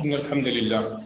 الحمد لله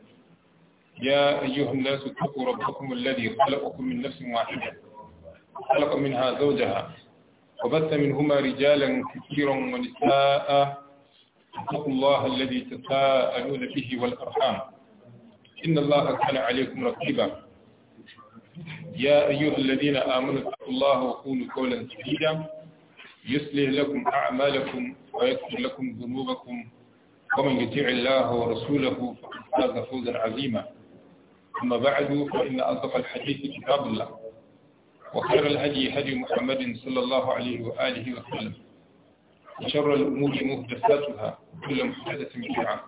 يا أيها الناس اتقوا ربكم الذي خلقكم من نفس واحدة خلق منها زوجها وبث منهما رجالا كثيرا ونساء اتقوا الله الذي تساءلون به والأرحام إن الله كان عليكم رقيبا يا أيها الذين آمنوا اتقوا الله وقولوا قولا سديدا يصلح لكم أعمالكم ويغفر لكم ذنوبكم ومن يطيع الله ورسوله فقد فاز فوزا عظيما أما بعد فإن أصدق الحديث كتاب الله وخير الهدي هدي محمد صلى الله عليه وآله وسلم وشر الأمور مهدساتها وكل محدثة بدعة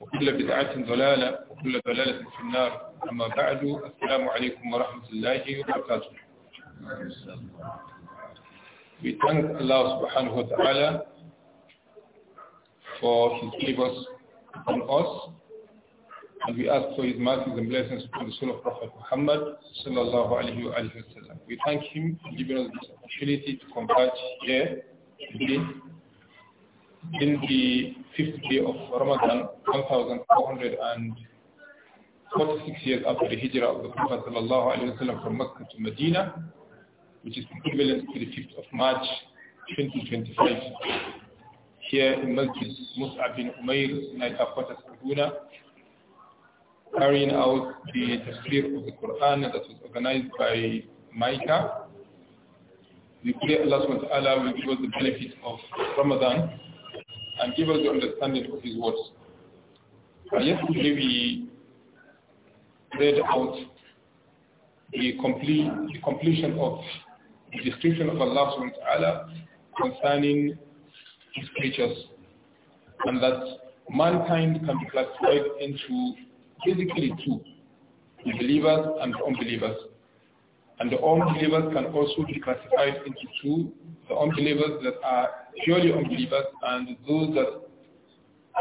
وكل بدعة ضلالة وكل ضلالة في النار أما بعد السلام عليكم ورحمة الله وبركاته We thank Allah subhanahu wa ta'ala for his favors on us And we ask for his mercies and blessings upon the soul of Prophet Muhammad sallallahu alayhi wa sallam. We thank him for giving us this opportunity to converge here today in the fifth day of Ramadan, 1,446 years after the hijrah of the Prophet sallallahu alayhi wa from Mecca to Medina, which is equivalent to the 5th of March 2025 here in Masjid Mus'ab bin Umair in fatah carrying out the tafsir of the Quran that was organized by Micah. We pray Allah subhanahu wa ta'ala will give us the benefit of Ramadan and give us the understanding of his words. And yesterday we read out the, complete, the completion of the description of Allah subhanahu wa ta'ala concerning his creatures and that mankind can be classified into basically two, the believers and the unbelievers. And the unbelievers can also be classified into two, the unbelievers that are purely unbelievers and those that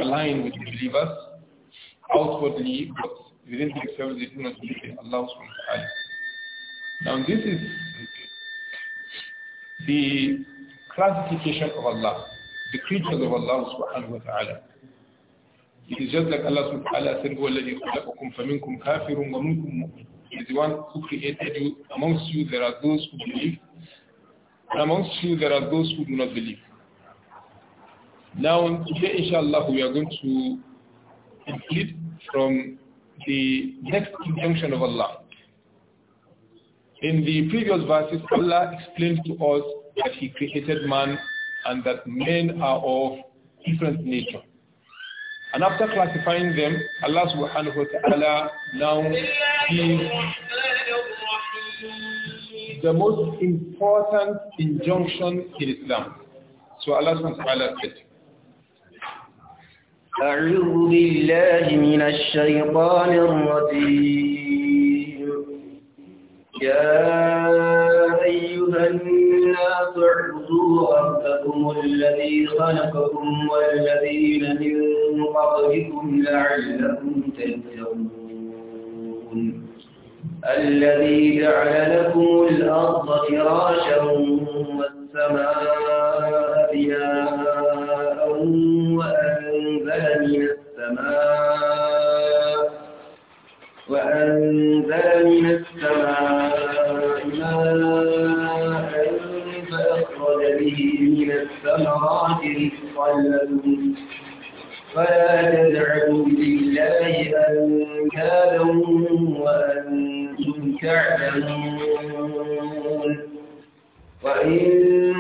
align with the believers outwardly, but within themselves they do not believe in Allah subhanahu Now this is the classification of Allah, the creatures of Allah subhanahu wa ta'ala. It is just like Allah subhanahu wa ta'ala said, وَالَّذِي خَلَقَكُمْ He is the one who created you. Amongst you there are those who believe. And amongst you there are those who do not believe. Now today inshallah we are going to complete from the next injunction of Allah. In the previous verses, Allah explained to us that He created man and that men are of different nature. And after classifying them, Allah subhanahu wa ta'ala now gives the most important injunction in Islam. So Allah subhanahu wa ta'ala said, أعوذ بالله من الشيطان الرجيم يا أيها الناس اعبدوا ربكم الذي خلقكم والذين من قبلكم لعلكم تتقون الذي جعل لكم الأرض فراشا والسماء بناء وأنزل من السماء وأنزل من السماء ثمرات خلد فلا تدعوا لله أنكالا وأنتم تعلمون وإن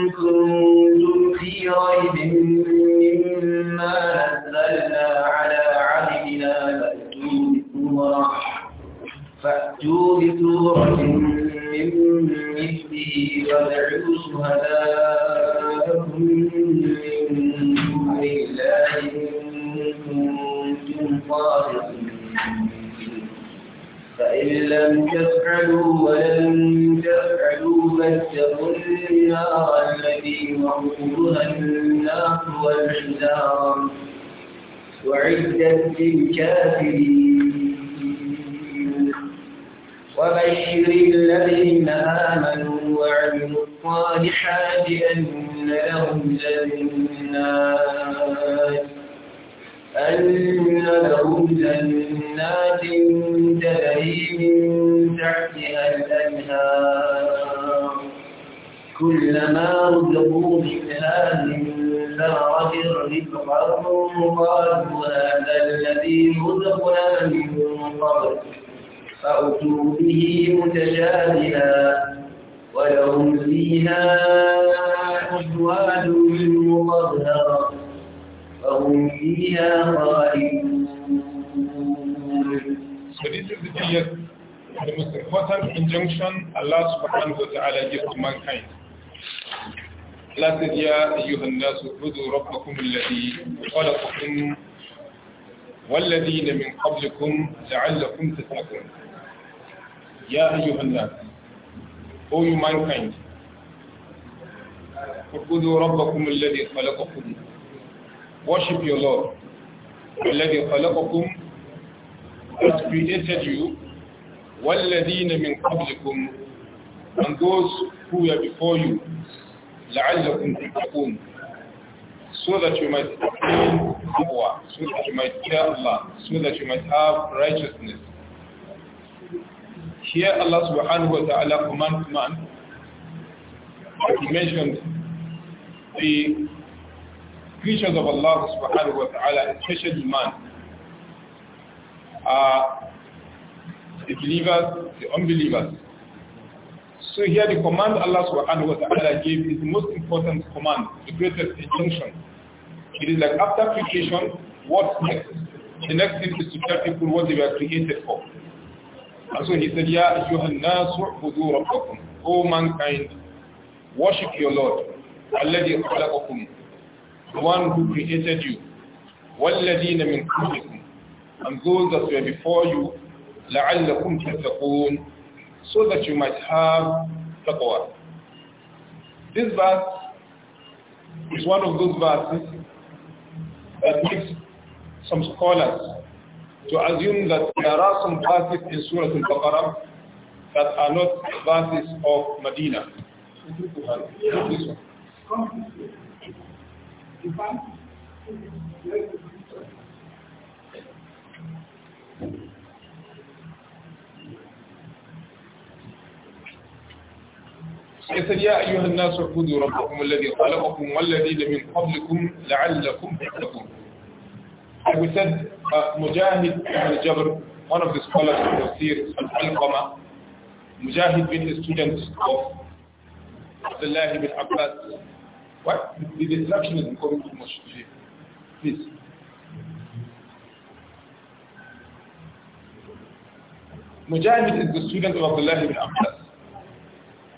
كنتم في ريب مما نزلنا على عبدنا فأتوا بسورة فأتوا بسورة من مثله وادعوا شهداءكم لم تفعلوا ولن تفعلوا فاتقوا النار التي وقودها الناس والحجار وعدت للكافرين وبشر الذين آمنوا وعملوا الصالحات أن لهم جنات أن لهم جنات تجري من تحتها الأنهار كلما رزقوا منها من ثمرة رزقهم قالوا هذا الذي رزقنا من قبل فأتوا به متشابها ولهم فيها أزواج مطهرة فهم فيها خالدون So this is the most important injunction Allah subhanahu wa ta'ala gives to mankind. Allah says, يا أيها الناس اعبدوا ربكم الذي خلقكم والذين من قبلكم لعلكم تتقون. يا أيها الناس O you mankind, اعبدوا ربكم الذي خلقكم Worship your Lord. الذي خلقكم has created you والذين من قبلكم and those who were before you لعلكم تتقون so that you might attain taqwa so that you might fear Allah so that you might have righteousness here Allah subhanahu wa ta'ala command man he mentioned the creatures of Allah subhanahu wa ta'ala, especially man, are uh, the believers, the unbelievers. So here the command Allah subhanahu wa ta'ala gave is the most important command, the greatest injunction. It is like after creation, what next? The next thing is to tell people what they were created for. And so he said, Ya ayyuhannasu ubudu O mankind, worship your Lord. الذي خلقكم the one who created you, وَالَّذِينَ مِنْ قَبْلِكُمْ And those that were before you, لَعَلَّكُمْ تَتَّقُونَ So that you might have taqwa. This verse is one of those verses that makes some scholars to assume that there are some verses in Surah Al-Baqarah that are not verses of Medina. يا أيها الناس اعبدوا ربكم الذي خلقكم والذي من قبلكم لعلكم تحبون أبو سد مجاهد بن الجبر one of the scholars of Tafsir al مجاهد بن the student of Abdullah bin Abbas Why? The distraction is becoming too much today. Please. Mujahid is the student of Abdullah ibn Abbas.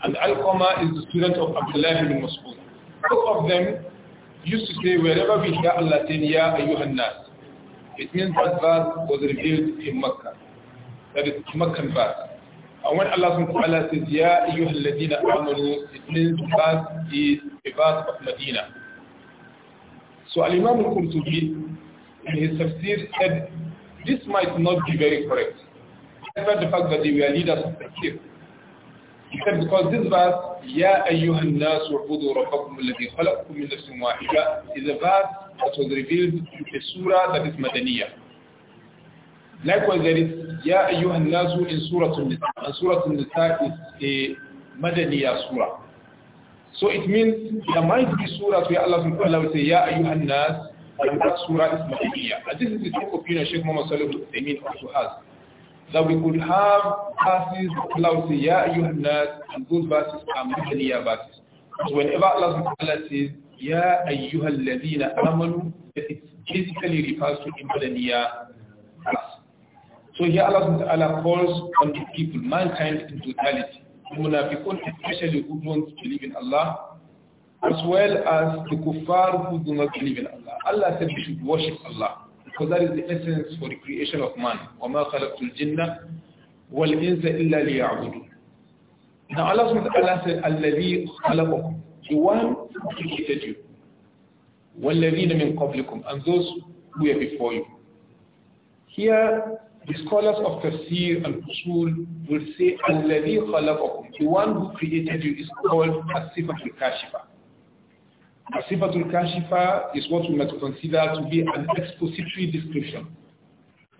And Al-Qama is the student of Abdullah ibn Mas'ud. Both of them used to say, wherever we hear Allah saying, Ya ayyuhan nas. It means that verse was revealed in Mecca. That is Meccan verse. أو الله سبحانه وتعالى يا أيها الذين آمنوا اتنين بعض في عباد المدينة سؤال الإمام القرطبي in his tafsir said this might not be very correct except the fact that we are leaders of the kif he said because this verse يا أيها الناس وعبدوا ربكم الذي خلقكم من نفس واحدة is a verse that was revealed in a surah that is مدنيه Likewise, there is Ya ayyuhan nasu in Suratul Nisa. And Suratul Nisa is a Madaniya surah. So it means there might be surahs where Allah subhanahu will say, Ya ayyuhan nas, and that surah is Madaniya. And this is the true opinion Sheikh Muhammad Salih Uthaymeen also has. That we could have verses Allah will say, Ya ayyuhan nas, and those verses are Madaniya verses. So whenever Allah subhanahu wa ta'ala says, Ya ayyuhan ladina amanu, it physically refers to Madaniya verses. So here Allah Ta'ala calls on the people, mankind in totality, the munafiqun especially who don't believe in Allah, as well as the kuffar who do not believe in Allah. Allah said we should worship Allah, because that is the essence for the creation of man. وَمَا خَلَقْتُ الْجِنَّةُ وَالْإِنْسَ إِلَّا لِيَعْبُدُونَ Now Allah Ta'ala said, الَّذِي خَلَقَكُمْ The one who created you. وَالَّذِينَ مِنْ قَبْلِكُمْ And those who were before you. Here, the scholars of tafsir and usul will say alladhi khalaqakum the one who created you is called as-sifatul kashifa as-sifatul kashifa is what we might consider to be an expository description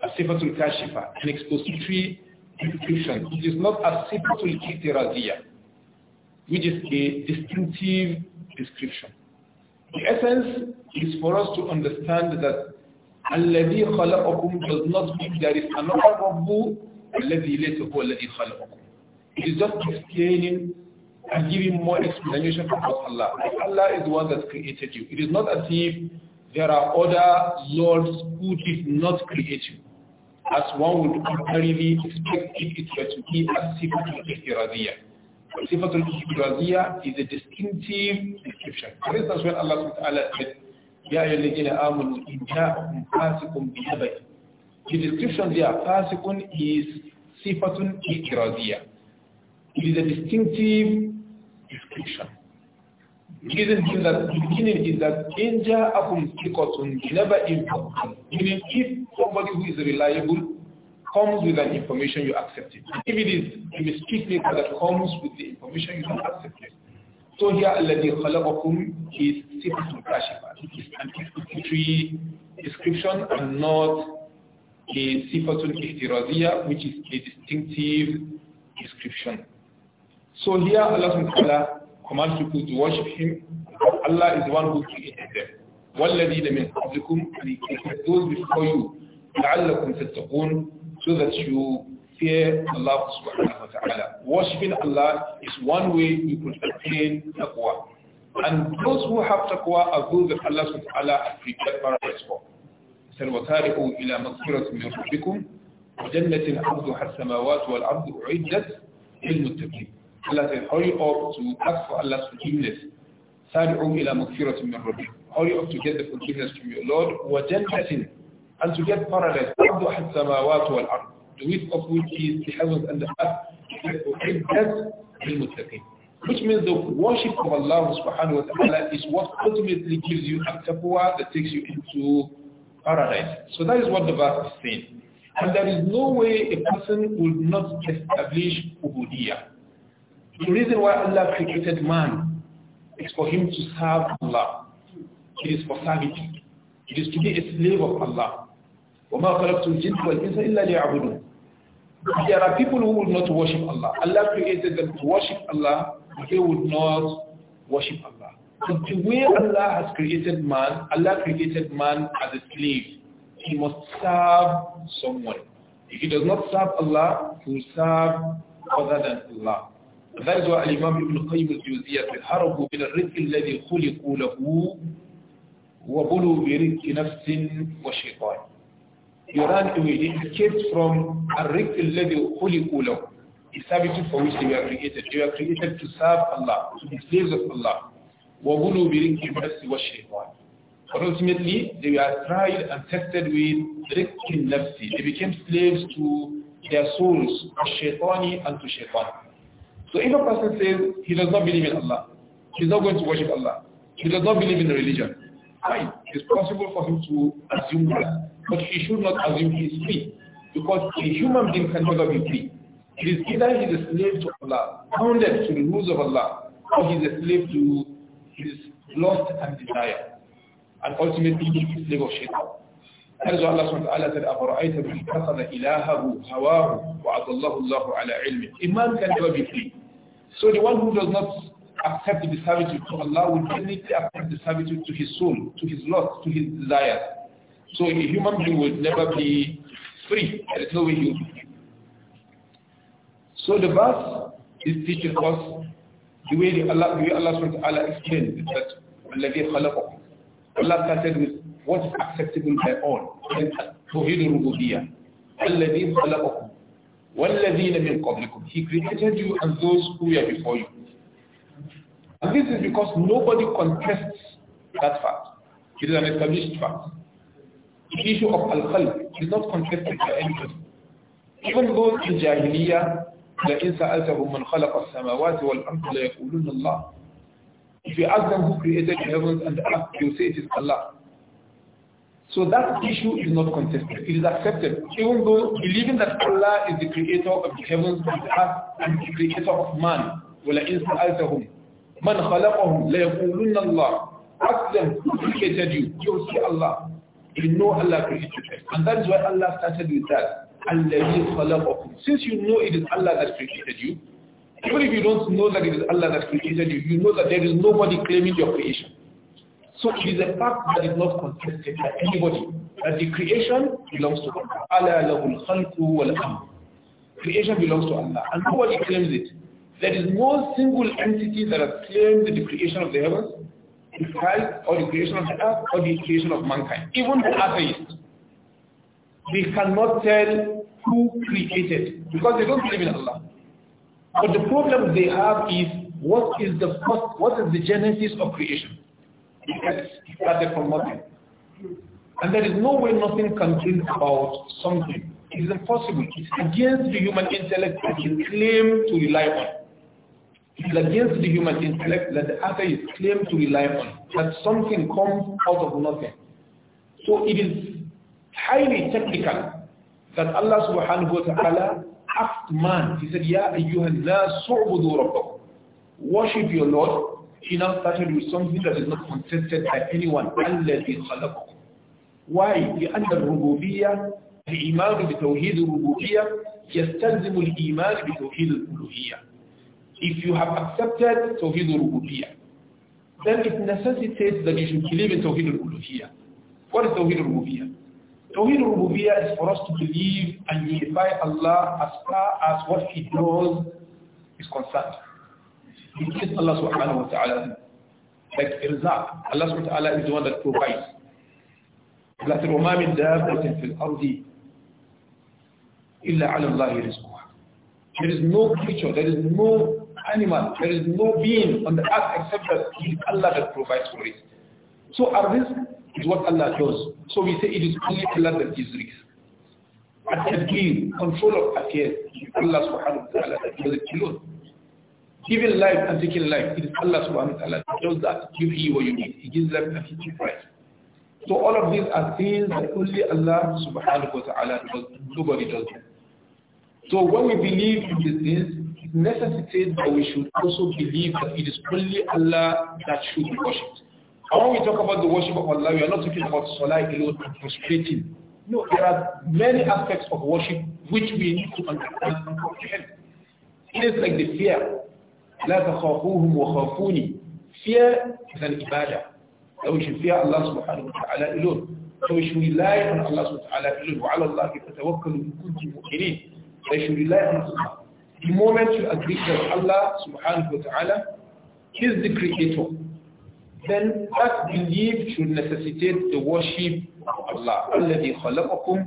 as-sifatul kashifa an expository description it is not as-sifatul ikhtiraziyah which is a distinctive description the essence is for us to understand that الذي خلقكم does not mean there is another Rabbu الذي ليس هو الذي خلقكم. It is just explaining and giving more explanation about Allah. Allah is the one that created you. It is not as if there are other lords who did not create you. As one would ordinarily expect it, it to be as Sifatul Ihtiraziyah. Sifatul Ihtiraziyah is a distinctive description. For instance, when Allah said, يا أيها الذين آمنوا إن جاءكم فاسق The description there, فاسق is صفة إكرازية. It is a distinctive description. Reason is that beginning is that in ja'akum sikotun never informed. Meaning if somebody who is reliable comes with an information, you accept it. If it is a mistake maker that comes with the information, you don't accept it. So here, الَّذِي خَلَقَكُمْ is صفة كاشفة is an equity description and not a sifatun ihtiraziyya, which is a distinctive description. So here Allah subhanahu commands people to worship him. Allah is the one who created them. وَالَّذِينَ مِنْ قَبْلِكُمْ And he created those before you. لَعَلَّكُمْ تَتَّقُونَ So that you fear Allah subhanahu wa ta'ala. Worshipping Allah is one way you could attain taqwa. And those who have taqwa are those that Allah subhanahu wa ta'ala has prepared for. He said, وَتَارِقُوا إِلَى مَغْفِرَةٍ مِنْ رَبِّكُمْ وَجَنَّةٍ عَرْضُهَا السَّمَاوَاتُ وَالْأَرْضُ أُعِدَّتْ لِلْمُتَّقِينَ Allah said, hurry up to ask for Allah's forgiveness. سَارِعُوا إِلى مَغْفِرَةٍ مِنْ رَبِّكُمْ Hurry up to get the forgiveness from your Lord. وَجَنَّةٍ And to get paradise. عَرْضُهَا السَّمَاوَاتُ وَالْأَرْضُ The width of which is the heavens and the earth. أُعِدَّتْ لِلْمُتَّقِينَ which means the worship of Allah subhanahu wa ta'ala is what ultimately gives you a taqwa that takes you into paradise. So that is what the verse is saying. And there is no way a person would not establish ubudiyah. The reason why Allah created man is for him to serve Allah. It is for servitude. It is to be a slave of Allah. وَمَا خَلَقْتُ وَالْإِنسَ إِلَّا لِيَعْبُدُونَ There are people who will not worship Allah. Allah created them to worship Allah they would not worship Allah. So the way Allah has created man, Allah created man as a slave. He must serve someone. If he does not serve Allah, he will serve other than Allah. That is why Imam Ibn Qayyim al-Jawziyyah said, هَرَبُوا مِنَ الرِّزْقِ الَّذِي خُلِقُوا لَهُ وَبُلُوا بِرِزْقِ نَفْسٍ وَشَيْطَانٍ You ran away, you escaped from الرِّزْقِ الَّذِي خُلِقُوا the servitude for which they were created. They were created to serve Allah, to be slaves of Allah. But ultimately, they were tried and tested with رِكِّ النَّفْسِ. They became slaves to their souls, to shaitani and to shaytan. So if a person says he does not believe in Allah, he's not going to worship Allah, he does not believe in religion, fine, it's possible for him to assume that. But he should not assume he is free. Because a human being can never be free. It is either he is a slave to Allah, bounded to the rules of Allah, or he is a slave to his lust and desire. And ultimately he is a slave of shaitan. That is why Allah subhanahu wa ta'ala said, أَفَرَأَيْتَ مَنْ اتَّخَذَ إِلَهَهُ هَوَاهُ وَعَضَلَّهُ اللَّهُ عَلَى عِلْمٍ A man can never be free. So the one who does not accept the servitude to Allah will definitely accept the servitude to his soul, to his lust, to his desire. So a human being will never be free. There is no way he will be free. So the verse is teaching us the way the Allah, the way Allah explained that Allah started with what's acceptable by all. توحيد الربوبية He created you and those who were before you. And this is because nobody contests that fact. It is an established fact. The issue of al-khalq is not contested by anybody. Even those in Jahiliyyah لئن سألتهم من خلق السماوات والأرض ليقولون الله If you ask them who created the heavens and the earth, they will say it is Allah. So that issue is not contested. It is accepted. Even though believing that Allah is the creator of the heavens and the earth and the creator of man, وَلَئِنْ سَأَلْتَهُمْ مَنْ خَلَقَهُمْ لَيَقُولُنَّ اللَّهِ Ask them, who created you? You will say Allah. You know Allah created you. And that is why Allah started with that. Since you know it is Allah that created you, even if you don't know that it is Allah that created you, you know that there is nobody claiming your creation. So it is a fact that is not contested by anybody, that the creation belongs to Allah. أَلَا لَهُ الْخَلْقُ وَالْأَمْرُ Creation belongs to Allah, and nobody claims it. There is no single entity that has claimed the creation of the heavens, the sky, or the creation of the earth, or the creation of mankind. Even the atheists, they cannot tell who created because they don't believe in Allah. But the problem they have is what is the first, what is the genesis of creation? It started from nothing. And there is no way nothing can bring about something. It is impossible. It's against the human intellect that you claim to rely on. It's against the human intellect that the atheist claim to rely on, that something comes out of nothing. So it is highly technical كان الله سبحانه وتعالى ta'ala مان man, he said, Ya ayyuhan nas, ربكم Worship your Lord. He now started with something that is not contested by anyone. الَّذِي خَلَقَكُمْ Why? لأن الربوبية الإيمان بتوحيد الربوبية يستلزم الإيمان بتوحيد الألوهية. If you have accepted توحيد الربوبية, then it necessitates that you should believe in توحيد الألوهية. What is توحيد الربوبية? Tawheed Rububiyyah is for us to believe and unify Allah as far as what He knows is concerned. He is Allah subhanahu wa ta'ala. Like Irzaq, Allah subhanahu wa ta'ala is the one that provides. لكن وما من دابة في الأرض إلا على الله رزقها. There is no creature, there is no animal, there is no being on the earth except that it is Allah that provides for it. So our risk is what Allah does. So we say it is only Allah that gives risk. At-Tadbir, control of affairs, Allah subhanahu wa ta'ala that does it alone. Giving life and taking life, it is Allah subhanahu wa ta'ala that does that. Give you what you need. He gives life at his price. So all of these are things that only Allah subhanahu wa ta'ala does. Nobody does them. So when we believe in these things, it necessitates that we should also believe that it is only Allah that should be worshipped. And when we talk about the worship of Allah, we are not talking about salah alone and prostrating. No, there are many aspects of worship which we need to understand and comprehend. It is like the fear. لا تخافوهم وخافوني. Fear is an ibadah. So we should fear Allah subhanahu wa ta'ala alone. So we should rely on Allah subhanahu wa ta'ala alone. وعلى should rely on Allah. The moment you agree that Allah subhanahu wa ta'ala is the creator, then that belief should necessitate the worship of Allah. الذي خلقكم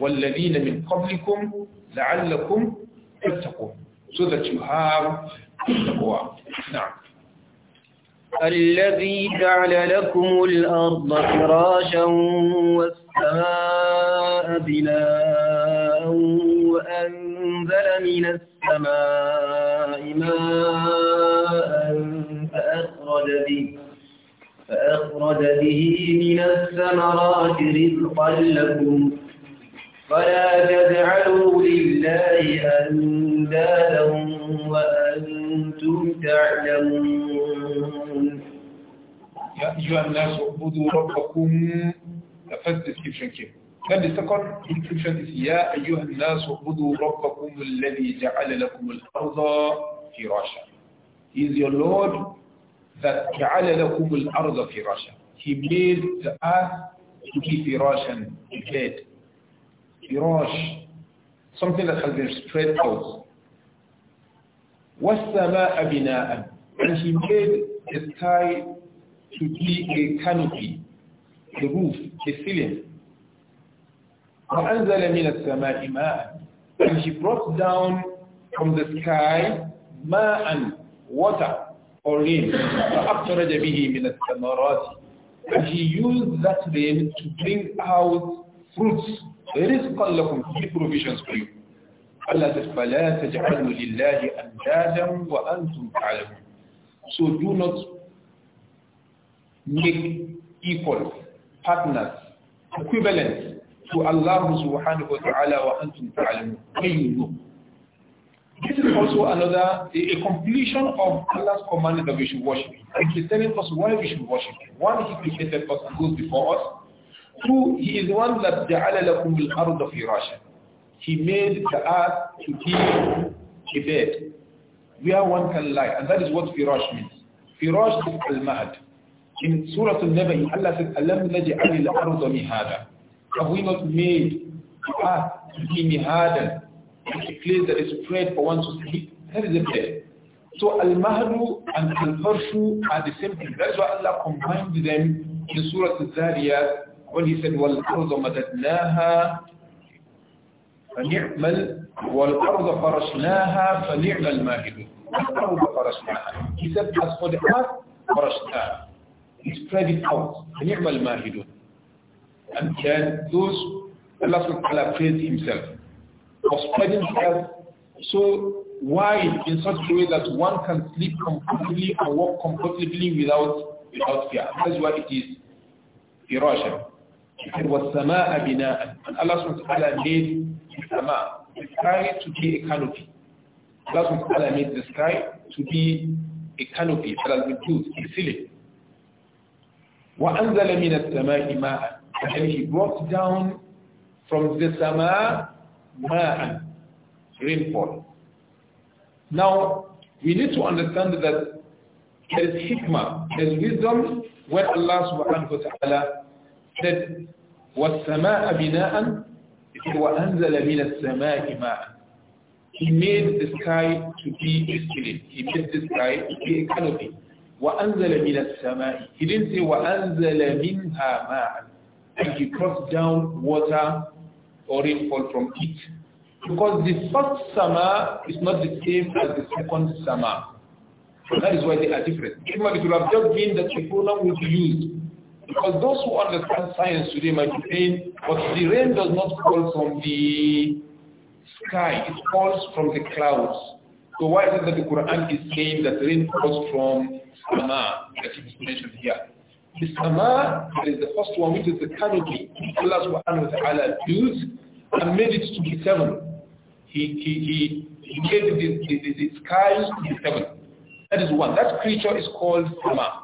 والذين من قبلكم لعلكم تتقون. So that you have taqwa. نعم. الذي جعل لكم الأرض فراشا والسماء بناء وأنزل من السماء ماء فأخرج به فأخرج به من الثمرات رزقا لكم فلا تجعلوا لله أندادا وأنتم تعلمون يا أيها الناس اعبدوا ربكم The كيف description came. استقر the يا أيها الناس اعبدوا ربكم الذي جعل لكم الأرض فراشا. He is your Lord فجعل لكم الأرض فراشا. He made the earth to be فراشا a bed. Firash, something that has been spread out. وَالسَّمَاءَ بِنَاءً And he made the sky to be a canopy, a roof, a ceiling. وَأَنزَلَ مِنَ السَّمَاءِ مَاءً And he brought down from the sky مَاءً, water. or rain. And he used that rain to bring out fruits. There is لَكُمْ To provisions for you. Allah says, So do not make equal partners, equivalent to Allah subhanahu wa ta'ala wa antum ta'lamun. When this is also another, a, completion of Allah's command that we should worship Him. He's telling us why we should worship Him. One, He created us and goes before us. Two, He is the one that جَعَلَ لَكُمُ الْأَرْضَ فِرَاشًا He made the earth to be a bed where one can lie. And that is what firash means. Firash is al-mahad. In Surah Al-Nabi, Allah said, أَلَمْ نَجْعَلِ الْأَرْضَ مِهَادًا Have we not made the earth to be mihadan, and a place that is spread for one to sleep. That is a bed. So al mahru and Al-Farshu are the same thing. That's why Allah combined them in Surah Al-Zariyat when he said, وَالْأَرْضَ مَدَدْنَاهَا فَنِعْمَ وَالْأَرْضَ فَرَشْنَاهَا فَنِعْمَ الْمَاهِدُ وَالْأَرْضَ فَرَشْنَاهَا He said, as for the earth, فَرَشْنَاهَا He spread it out. فَنِعْمَ الْمَاهِدُ And then those, Allah subhanahu wa ta'ala praised himself of spreading health, so why in such a way that one can sleep comfortably and walk comfortably without without fear. That's why it is firasha. It was sama bina'an. And Allah subhanahu wa Taala made the sama, the sky to be a canopy. Allah subhanahu wa Taala made the sky to be a canopy that has been built, a ceiling. وَأَنزَلَ مِنَ السَّمَاءِ مَاءً And he brought down from the sama ma'an, rainfall. Now, we need to understand that there is hikmah, there is wisdom when Allah subhanahu wa ta'ala said, وَالسَّمَاءَ بِنَاءً وَأَنزَلَ مِنَ السَّمَاءِ مَاءً He made the sky to be a ceiling. He made the sky to be a canopy. وَأَنزَلَ مِنَ السَّمَاءِ He didn't say وَأَنزَلَ مِنْهَا مَاءً And he brought down water or rainfall from it. Because the first summer is not the same as the second summer. That is why they are different. Even it would have just been that the pronoun would be used. Because those who understand science today might be saying, but the rain does not fall from the sky, it falls from the clouds. So why is it that the Quran is saying that rain falls from Sama, it is mentioned here? The Sama is the first one, which is the canopy. Allah subhanahu wa ta'ala builds and made it to be seven. He, he, he, he made the, the, the, the skies to be seven. That is one. That creature is called Sama.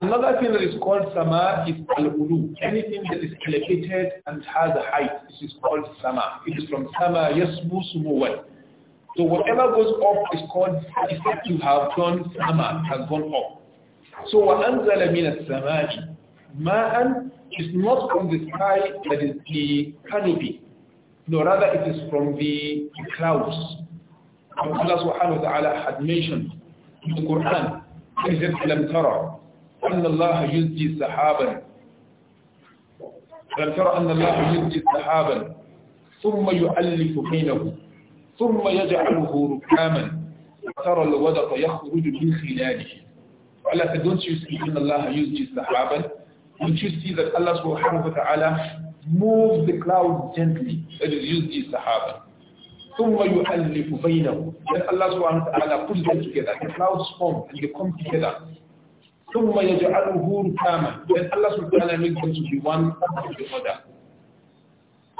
Another thing that is called Sama is Al-Ulu. Anything that is elevated and has a height, this is called Sama. It is from Sama Yasmu Sumuwan. So whatever goes up is called, is said you have gone Sama, has gone up. So Anzala means sama, maan is not from the sky that is the canopy. No, rather it is from the clouds. Allah subhanahu wa ta'ala had mentioned in the Quran, it لم ترى أن الله يزجي السحابا لم ترى أن الله يزجي السحابا ثم يؤلف بينه ثم يجعله ركاما ترى الودق يخرج من خلاله Allah said, don't you see أن الله يزجي السحابا Don't you see that Allah subhanahu wa ta'ala moves the clouds gently. That is usually Sahaba. ثُمَّ يُعَلِّفُ بَيْنَهُ Then Allah subhanahu wa ta'ala puts them together. The clouds form and they come together. ثُمَّ يَجْعَلُهُ رُكَامًا Then Allah subhanahu wa ta'ala makes them to be one after the other.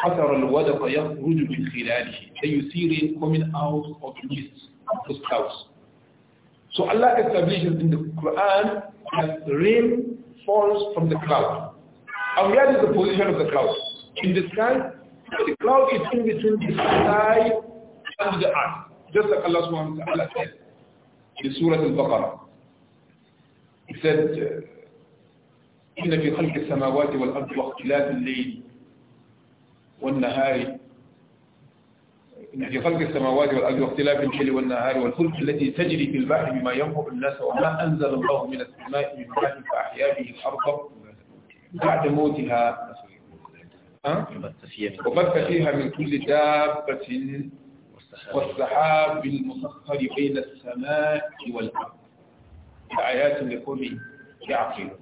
قطر الودق يخرج من خلاله Then you see rain coming out of the mist, of those clouds. So Allah establishes in the Quran that rain falls from the clouds. And where is the position of the cloud? In the sky? The cloud is in between the sky and the earth. Just like Allah subhanahu wa ta'ala said in Surah Al-Baqarah. He said, إن في خلق السماوات والأرض واختلاف الليل والنهار إن في خلق السماوات والأرض واختلاف الليل والنهار والفلك التي تجري في البحر بما ينفع الناس وما أنزل الله من السماء من ماء فأحيا به الأرض بعد موتها وبث فيها من كل دابة والسحاب المسخر بين السماء والأرض آيات لقوم يعقلون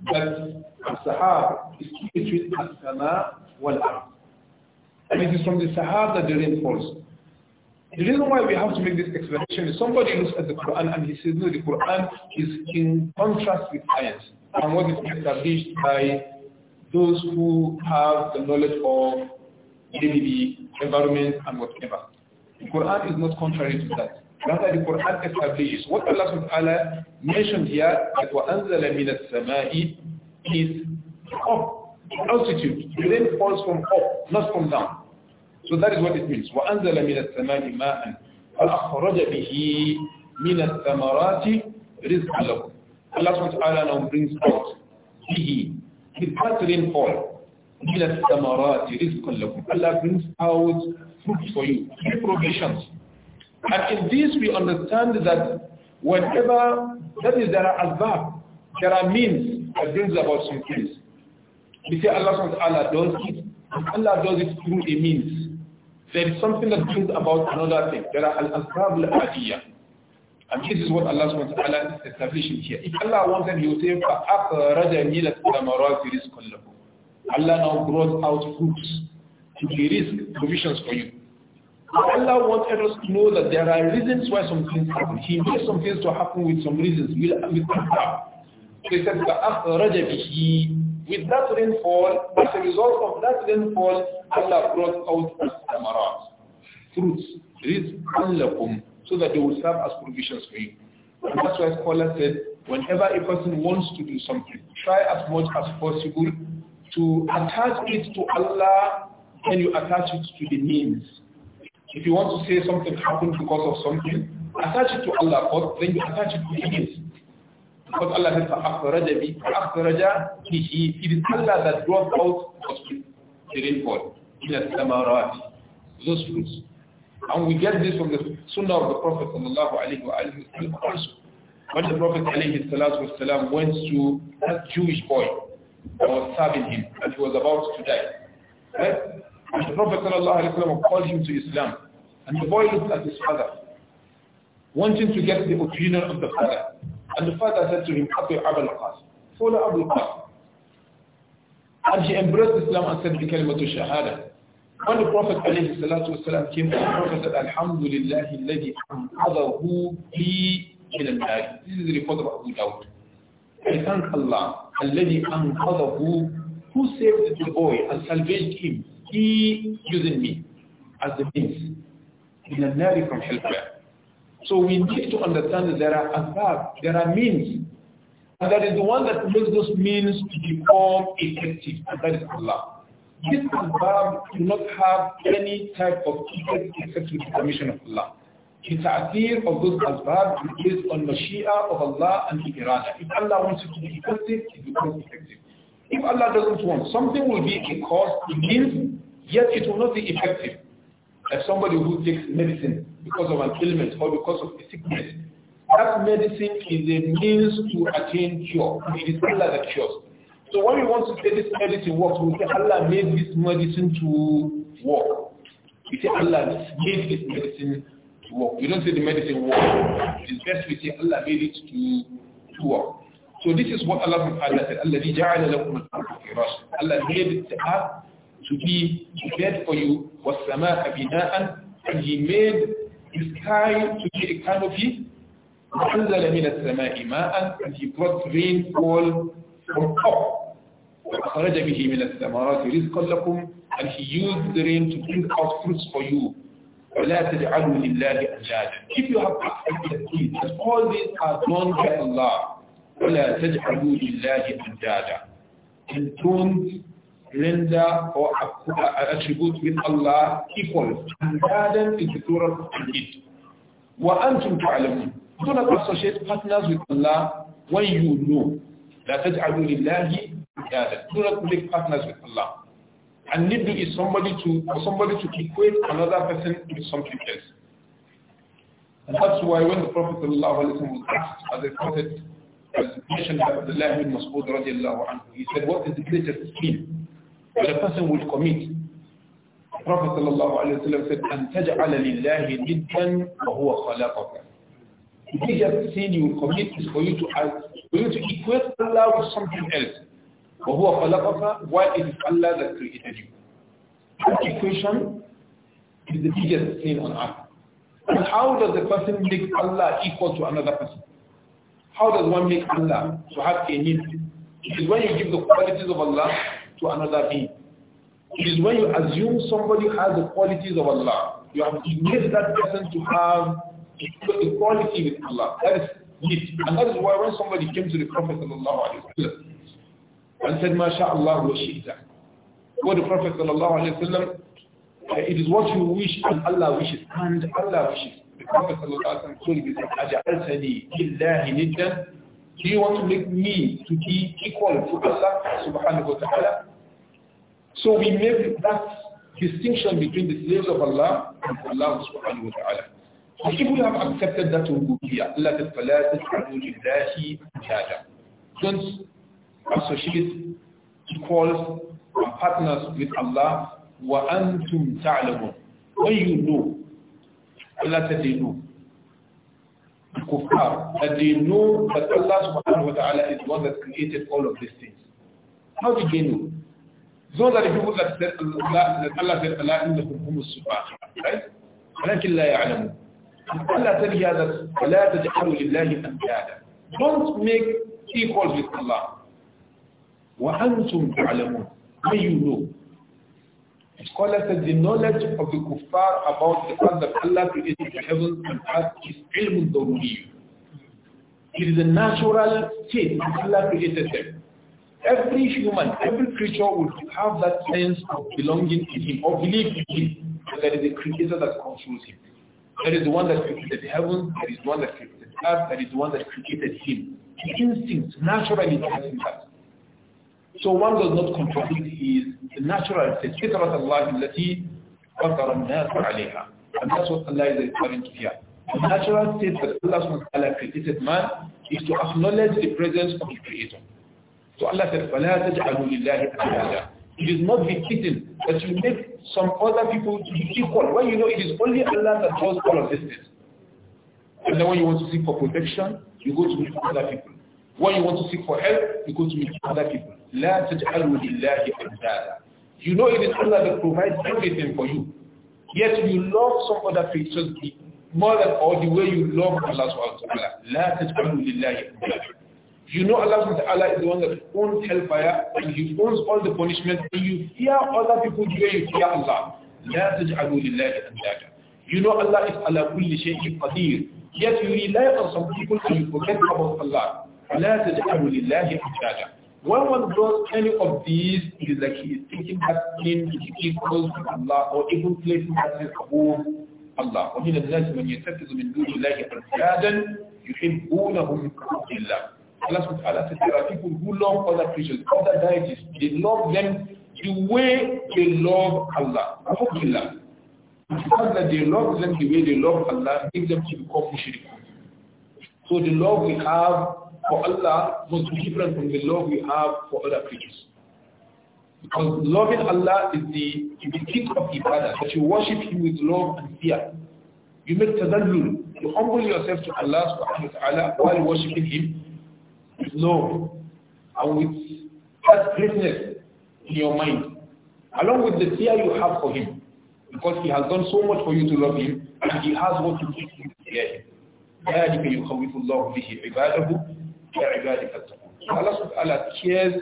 بل السحاب is السماء والأرض and it is from the Sahab that the rain falls The reason why we have to make this explanation is somebody looks at the Quran and he says, no, the Quran is in contrast with science and what is established by those who have the knowledge of maybe the environment and whatever. The Quran is not contrary to that. Rather, the Quran establishes what Allah subhanahu wa ta'ala mentioned here that وَأَنزَلَ مِنَ السَّمَاءِ is up, altitude. The rain falls from up, not from down. So that is what it means. وَأَنزَلَ مِنَ السَّمَاءِ مَاءً فَأَخْرَجَ بِهِ مِنَ الثَّمَرَاتِ رِزْقًا لَكُمْ Allah subhanahu wa ta'ala now brings out به with that rainfall مِنَ الثَّمَرَاتِ رِزْقًا لَكُمْ Allah brings out fruits for you, provisions. And in this we understand that whatever that is there are adverb, there are means that brings about some things. We say Allah subhanahu wa does it, Allah does it through a means there is something that brings about another thing. There are al-asbab al-adiyah. And this is what Allah wants. Allah is establishing here. If Allah wanted, he would say, فَأَخْرَجَ مِنَ الثَّمَرَاتِ رِزْقًا لَكُمْ Allah now brought out fruits to be risk provisions for you. Allah wanted us to know that there are reasons why some things happen. He made some things to happen with some reasons. With Allah. So he said, فَأَخْرَجَ بِهِ with that rainfall, as a result of that rainfall, Allah brought out as fruits, rizqan so that they will serve as provisions for you. And that's why scholar said, whenever a person wants to do something, try as much as possible to attach it to Allah and you attach it to the means. If you want to say something happened because of something, attach it to Allah first, then you attach it to the means. Because Allah says, فَأَخْرَجَ بِي فَأَخْرَجَ بِهِ It is Allah that brought out the rainfall. إِلَى الثَّمَرَاتِ Those fruits. And we get this from the sunnah of the Prophet sallallahu alayhi wa sallam also. When the Prophet alayhi salatu wasalam went to that Jewish boy that was serving him and he was about to die. Right? And the Prophet sallallahu alayhi wa sallam called him to Islam. And the boy looked at his father, wanting to get the opinion of the father. And the father said to him, Abu qasim follow Abu Bakr." qasim And he embraced Islam and said the to shahada. When the Prophet والسلام, came, the Prophet said, Alhamdulillah, الذي أنقذه لي من النار. This is the report of Abu Dawud. I thank Allah, الذي أنقذه, who saved the boy and salvaged him, he using me as the means. من النار from hellfire. So we need to understand that there are adab, there are means. And that is the one that makes those means to become effective, and that is Allah. This adab do not have any type of effect except with the permission of Allah. The ta'athir of those asbab is on the Shia of Allah and the irada. If Allah wants it to be effective, it becomes effective. If Allah doesn't want, something will be a cause, it means, yet it will not be effective. Like somebody who takes medicine, because of an ailment or because of a sickness. That medicine is a means to attain cure. It is Allah that cures. So when we want to say this medicine works, we say Allah made this medicine to work. We say Allah made this medicine to work. We don't say the medicine works. It's best we say Allah made it to, to work. So this is what Allah Ta'ala said, الَّذِي جَعَلَ لَكُمُ Allah made the earth to be prepared for you, وَالسَّمَاءَ بِنَاءً And He made the sky to be a canopy. وَأَنْزَلَ مِنَ السَّمَاءِ مَاءً And he brought rainfall from up. وَأَخْرَجَ بِهِ مِنَ الثَّمَرَاتِ رِزْقًا لَكُم And he used the rain to bring out fruits for you. وَلَا تَجْعَلُوا لِلَّهِ أَنْجَادًا If you have accepted these, that all these are done by Allah, وَلَا تَجْعَلُوا لِلَّهِ أَنْجَادًا And don't render or uh, attribute with Allah equal. And garden is the plural of it. وَأَنْتُمْ تَعْلَمُونَ Do not associate partners with Allah when you know. لَا تَجْعَلُوا لِلَّهِ عِبَادًا Do not make partners with Allah. And needy is somebody to for somebody to equate another person with something else. And that's why when the Prophet ﷺ was asked, as a prophet, as mentioned by Abdullah ibn Mas'ud radiallahu anhu, he said, what is the greatest sin? But the person will commit. The Prophet ﷺ said, أَن تَجْعَلَ لِلَّهِ نِدًّا وَهُوَ خَلَقَكَ The biggest sin you commit is for you to ask, for you to equate Allah with something else. وَهُوَ خَلَقَكَ Why it is Allah that created you? That equation is the biggest sin on earth. And how does the person make Allah equal to another person? How does one make Allah to have a need? It is when you give the qualities of Allah to another being. It is when you assume somebody has the qualities of Allah, you have to make that person to have the quality with Allah. That is it. And that is why when somebody came to the Prophet وسلم, and said, MashaAllah wa shi'ta. What the Prophet وسلم, eh, it is what you wish and Allah wishes. And Allah wishes. The Prophet told him, do you want to make me to be equal to Allah subhanahu wa ta'ala? So we make that distinction between the slaves of Allah and Allah subhanahu wa ta'ala. So people have accepted that Allah said, فلا أَنْدَادًا Don't associate equals and partners with Allah وَأَنْتُمْ تَعْلَمُونَ When you know, Allah said they know the kuffar that they know that Allah subhanahu wa ta'ala is the one that created all of these things. How did they know? Those are the people that said Allah, that Allah said Allah innakum humus sufaha, right? ولكن لا يعلمون. Allah said here that ولا تجعلوا لله أندادا. Don't make equals with Allah. وأنتم تعلمون. May you know. Scholars say the knowledge of the kuffar about the fact that Allah created the heavens and earth is ilm dawri. It is a natural state that Allah created them. Every human, every creature will have that sense of belonging in him or belief in him that there is a creator that controls him. There is the one that created heaven, there is one that created earth, there is one that created him. The instinct naturally tells him that. So one does not contradict his natural state. فِطْرَةَ اللَّهِ الَّتِي فَطَرَ النَّاسُ عَلَيْهَا And that's what Allah is referring to here. The natural state that Allah SWT created man is to acknowledge the presence of the Creator. So Allah said, فَلَا تَجْعَلُوا لِلَّهِ أَنْدَادًا It is not befitting that you make some other people to be equal. When you know it is only Allah that does all of this. And then when you want to seek for protection, you go to other people. When you want to seek for help, you go to other people. La تجعلوا لله أندادا. You know it is Allah that provides everything for you. Yet you love some other creatures more than all the way you love Allah subhanahu wa ta'ala. لا تجعلوا لله أندادا. You know Allah subhanahu wa ta'ala is the one that owns hellfire and he owns all the punishment and you fear other people the way you fear Allah. La تجعلوا لله أندادا. You know Allah is ala kulli shay'in qadir. Yet you rely on some people and you forget about Allah. When one does any of these, it is like he is taking that sin is equal to Allah or even placing that sin above Allah. ومن الناس من يتخذ من دون الله أندادا يحبونهم كحب الله. Allah subhanahu Allah. ta'ala says there are people who love other creatures, other deities. They love them the way they love Allah. كحب الله. The fact that they love them the way they love Allah makes them to become mushrikun. So the love we have for Allah must be different from the love we have for other creatures. Because loving Allah is the, if you think of ibadah, that you worship Him with love and fear. You make tazallul, you humble yourself to Allah subhanahu wa ta'ala while worshiping Him with love and with that greatness in your mind, along with the fear you have for Him. Because He has done so much for you to love Him, and He has what you need to fear Him. Allah subhanahu wa ta'ala cares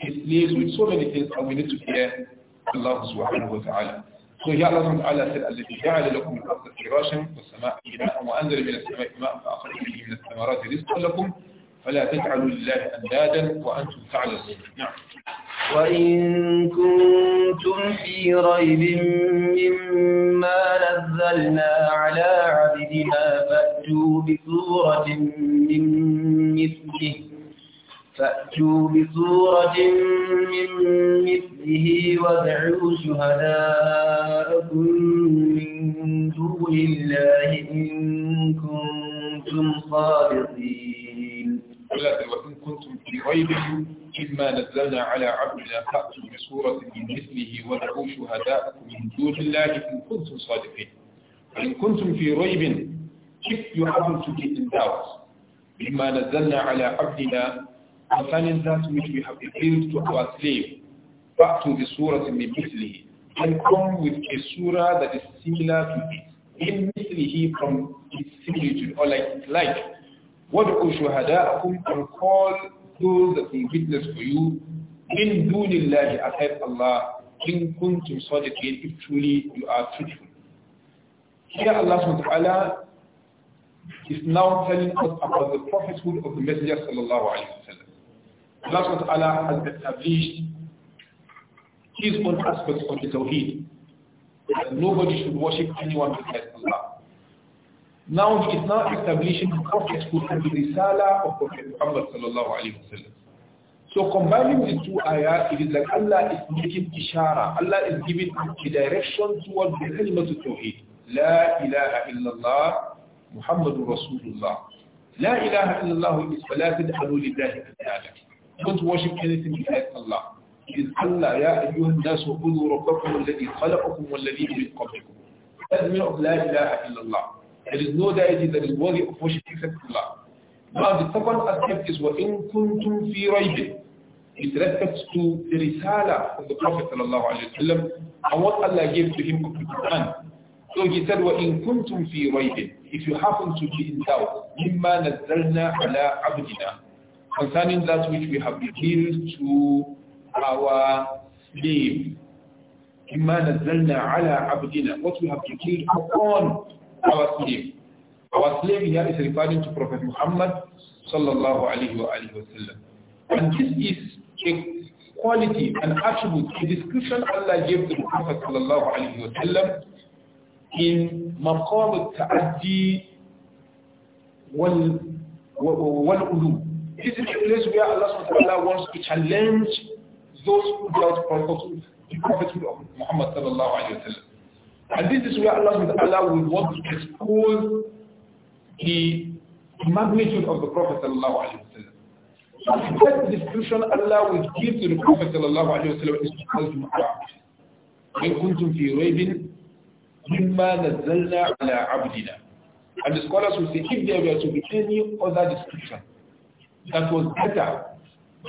his slaves with so many things and we need to care. Allah subhanahu wa ta'ala. So here Allah subhanahu wa ta'ala said, الَّذِي جَعَلَ لَكُمُ الْأَرْضَ فِرَاشًا وَالسَّمَاءَ بِنَاءً وَأَنزَلَ مِنَ السَّمَاءِ مَاءً فَأَخْرَجَ بِهِ مِنَ الثَّمَرَاتِ رِزْقًا لَكُمْ فلا تجعلوا لله أندادا وأنتم تعلمون نعم وإن كنتم في ريب مما نزلنا على عبدنا فأتوا بسورة من مثله فأتوا بسورة من مثله وادعوا شهداءكم من دون الله إن كنتم صادقين ولكن وإن كنتم في ريب مما نزلنا على عبدنا فأتوا بسورة من مثله ودعوا شهداءكم من دون الله إن كنتم صادقين وإن كنتم في ريب if you happen to be in doubt مما نزلنا على عبدنا concerning that which we have revealed to our slave فأتوا بسورة من مثله and come with a surah that is similar to it in مثله from its similitude or like like وَادْعُوا شُهَدَاءَكُمْ and call those that will witness for you in دون الله aside Allah in kuntum sadiqin if truly you are truthful. Here Allah subhanahu wa ta'ala is now telling us about the prophethood of the Messenger sallallahu alayhi wa sallam. Allah subhanahu wa ta'ala has established his own aspects of the Tawheed nobody should worship anyone besides Allah. Now he is now establishing the prophethood and the risala of Prophet Muhammad sallallahu alayhi wa sallam. So combining the two ayah, it is like Allah is making ishara. Allah is giving a direction towards the kalimat of Tawheed. La ilaha illallah Muhammadur Rasulullah. La ilaha illallah is falatid alu lillahi Don't worship anything besides Allah. It is Allah, ya ayyuhan nasu, kudu rabbakum alladhi khalaqakum walladhi min qablikum. That's the meaning of la ilaha illallah. There is no deity that is worthy of worship except Allah. Now the second aspect is in kuntum fi رَيْبٍ with respect to the risala of the Prophet sallallahu wasallam and what Allah gave to him of the Quran. So he said, in kuntum fi رَيْبٍ If you happen to be in doubt, مِمَّا nazzalna ala عَبْدِنَا Concerning that which we have revealed to our slave. مِمَّا nazzalna ala عَبْدِنَا What we have revealed upon our slave. Our slave here is referring to Prophet Muhammad sallallahu alaihi wasallam. And this is a quality, an attribute, a description Allah gave to the Prophet sallallahu alaihi wasallam in maqam al-ta'addi wal ulu. This is a place where Allah subhanahu wants to challenge those who doubt prophethood, the prophethood of Muhammad sallallahu alaihi wasallam. And this is where Allah will want to expose the magnitude of the Prophet sallallahu alaihi wasallam. The first description Allah will give to the Prophet sallallahu alaihi wasallam is called Mu'ab. إن كنتم في ريب مما نزلنا على عبدنا. And the scholars will say if there were to be any other description that was better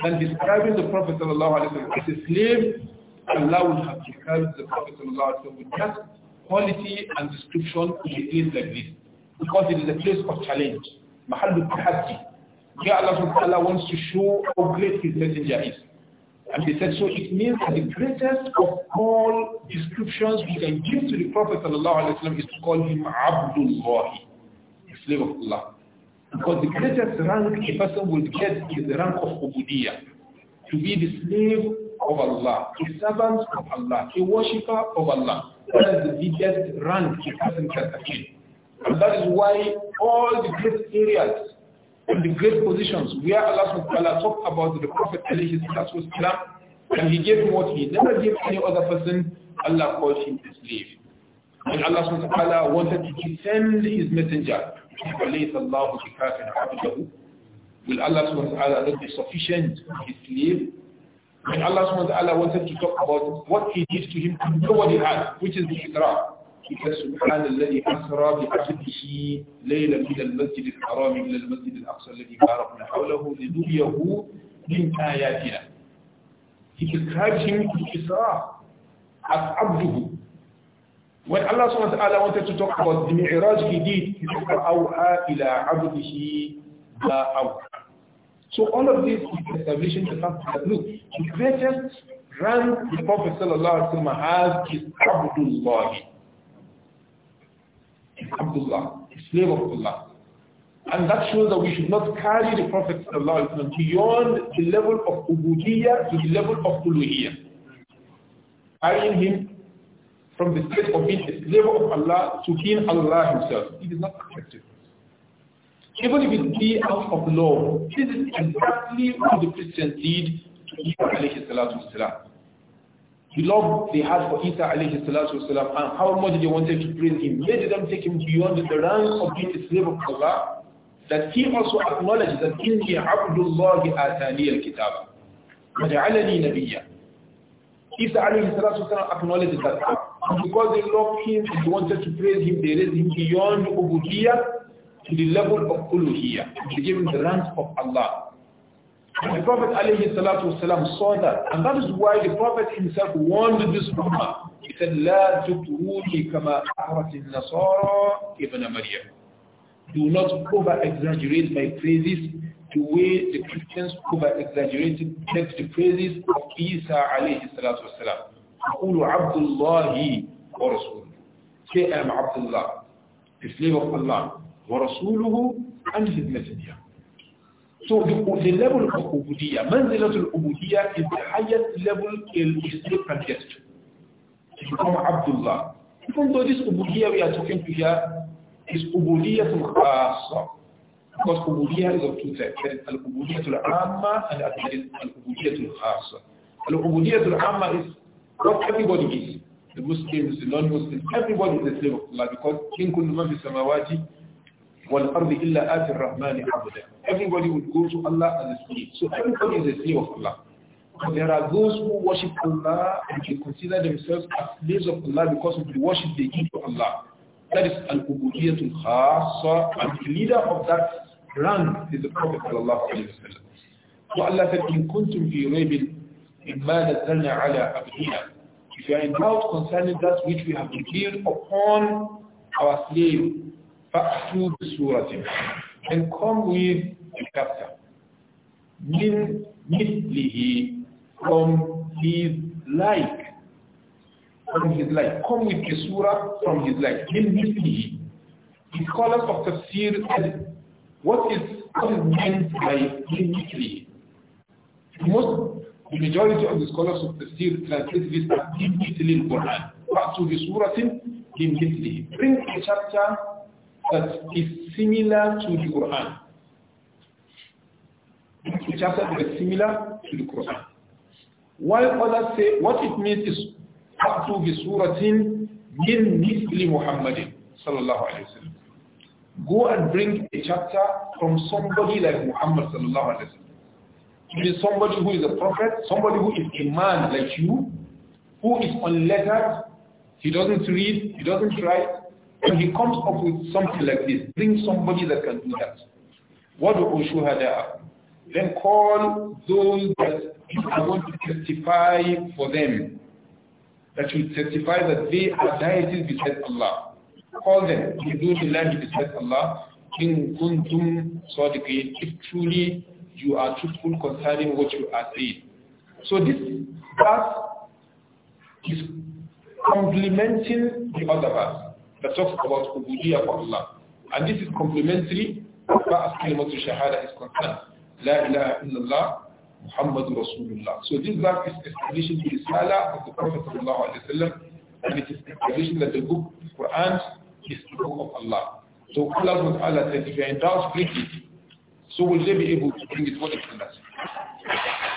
than describing the Prophet sallallahu alaihi wasallam as a slave, Allah would have described the Prophet sallallahu alaihi wasallam with just quality and description in a place like this because it is a place of challenge. Mahalul Tahaddi. Here Allah subhanahu wants to show how great his messenger is. And he said, so it means that the greatest of all descriptions we can give to the Prophet وسلم, is to call him Abdul Abdullah, the slave of Allah. Because the greatest rank a person will get is the rank of Ubudiyah, to be the slave of Allah, the servant of Allah, the worshipper of Allah. That is the biggest rank a person can achieve. And that is why all the great areas and the great positions where Allah subhanahu talked about the Prophet alayhi and he gave him what he never gave any other person, Allah called him a slave. And Allah subhanahu wa ta'ala wanted to send his messenger. Will Allah subhanahu wa ta'ala not be sufficient for his slave when Allah subhanahu wanted to talk about what he did to him and nobody had, which is the Iqra. He says, said, سبحان الذي أسرى بعبده ليلا من المسجد masjid al Aqsa الأقصى الذي باركنا حوله لنريه min آياتنا. He described him as Isra, as Abduhu, when Allah subhanahu wa ta'ala wanted to talk about the mi'raj he did, he said, فَأَوْحَى إِلَىٰ عَبْدِهِ مَا so all of this is establishing the fact that look, the greatest rank the Prophet sallallahu alaihi wasallam has is Abdullah. Abdullah, slave of Allah. And that shows that we should not carry the Prophet ﷺ beyond the level of ubudiyyah to the level of uluhiyyah. Carrying him from the state of being a slave of Allah to being Allah himself. It is not acceptable even if it be out of love. This is exactly what the Christians did to Isa alayhi salatu wasalam. The love they had for Isa alayhi salatu wasalam and how much they wanted to praise him made them take him beyond the rank of being a slave of Allah. That he also acknowledged that in the abdullahi atani al-kitab. وَجَعَلَنِي the Isa alayhi salatu wasalam acknowledged that because they loved him and wanted to praise him, they raised him beyond ubudiyah to the level of uluhiyya, to given the rank of Allah. And the Prophet والسلام, saw that, and that is why the Prophet himself warned this woman. He said, لا تطروني كما أعرف النصارى ابن مريم. Do not over-exaggerate my praises the way the Christians over-exaggerated the praises of Isa alayhi salatu wasalam. قولوا عبد الله ورسوله. Say I am Abdullah, the slave of Allah. ورسوله عن خدمة الديانة So the, the level of ubudiyah, manzilatul ubudiyah is the highest level Islam can get to. To become Abdullah. Even though this ubudiyah we are talking to here is ubudiyah from khasa. Because ubudiyah is of two types. There is al-ubudiyah al-amma and there is al-ubudiyah al-khasa. Al-ubudiyah al-amma is what everybody is. The Muslims, the non-Muslims, everybody is a slave of Allah because King Kunduman Bisamawati وَالْأَرْضِ إِلَّا آتِ الرَّحْمَنِ عَبْدًا Everybody would go to Allah as a slave. So everybody is a slave of Allah. But there are those who worship Allah and they consider themselves as slaves of Allah because of the worship they give to Allah. That is al-ubudiyyatul khassa. And the leader of that brand is the Prophet sallallahu Allah. wa So Allah said, in كُنْتُمْ فِي رَيْبٍ إِمَّا نَزَّلْنَا عَلَىٰ أَبْدِينَا If you are in doubt concerning that which we have revealed upon our slave, فَأْتُوا بِسُورَةٍ And come with a chapter. مِنْ مِثْلِهِ From his like. From his like. Come with a surah from his like. مِنْ مِثْلِهِ The scholars of tafsir said, what is, what is meant by min مِثْلِهِ? Most, the majority of the scholars of tafsir translate this as مِنْ مِثْلِ الْقُرْآنِ فَأْتُوا بِسُورَةٍ مِنْ مِثْلِهِ. Bring a chapter that is similar to the Quran. The chapter that is similar to the Quran. While others say what it means is up to the suratin min misli Muhammadin sallallahu alayhi wasallam. Go and bring a chapter from somebody like Muhammad sallallahu alayhi wasallam. It is somebody who is a prophet, somebody who is a man like you, who is unlettered, he doesn't read, he doesn't write, when he comes up with something like this, bring somebody that can do that. What do Oshuhada? Then call those that want are going to testify for them. That should testify that they are deities besides Allah. Call them. You do the land besides Allah. In kuntum If truly you are truthful concerning what you are saying. So this verse is complementing the other verse that talks about ubudiyya for Allah. And this is complementary as far as kalimat shahada is concerned. La ilaha illallah Muhammad Rasulullah. So this verse is establishing the Risala of the Prophet وسلم, and it is establishing that the book of Quran is the book of Allah. So Allah Allah said, if you are in doubt, bring it. So will they be able to bring it? What is the lesson?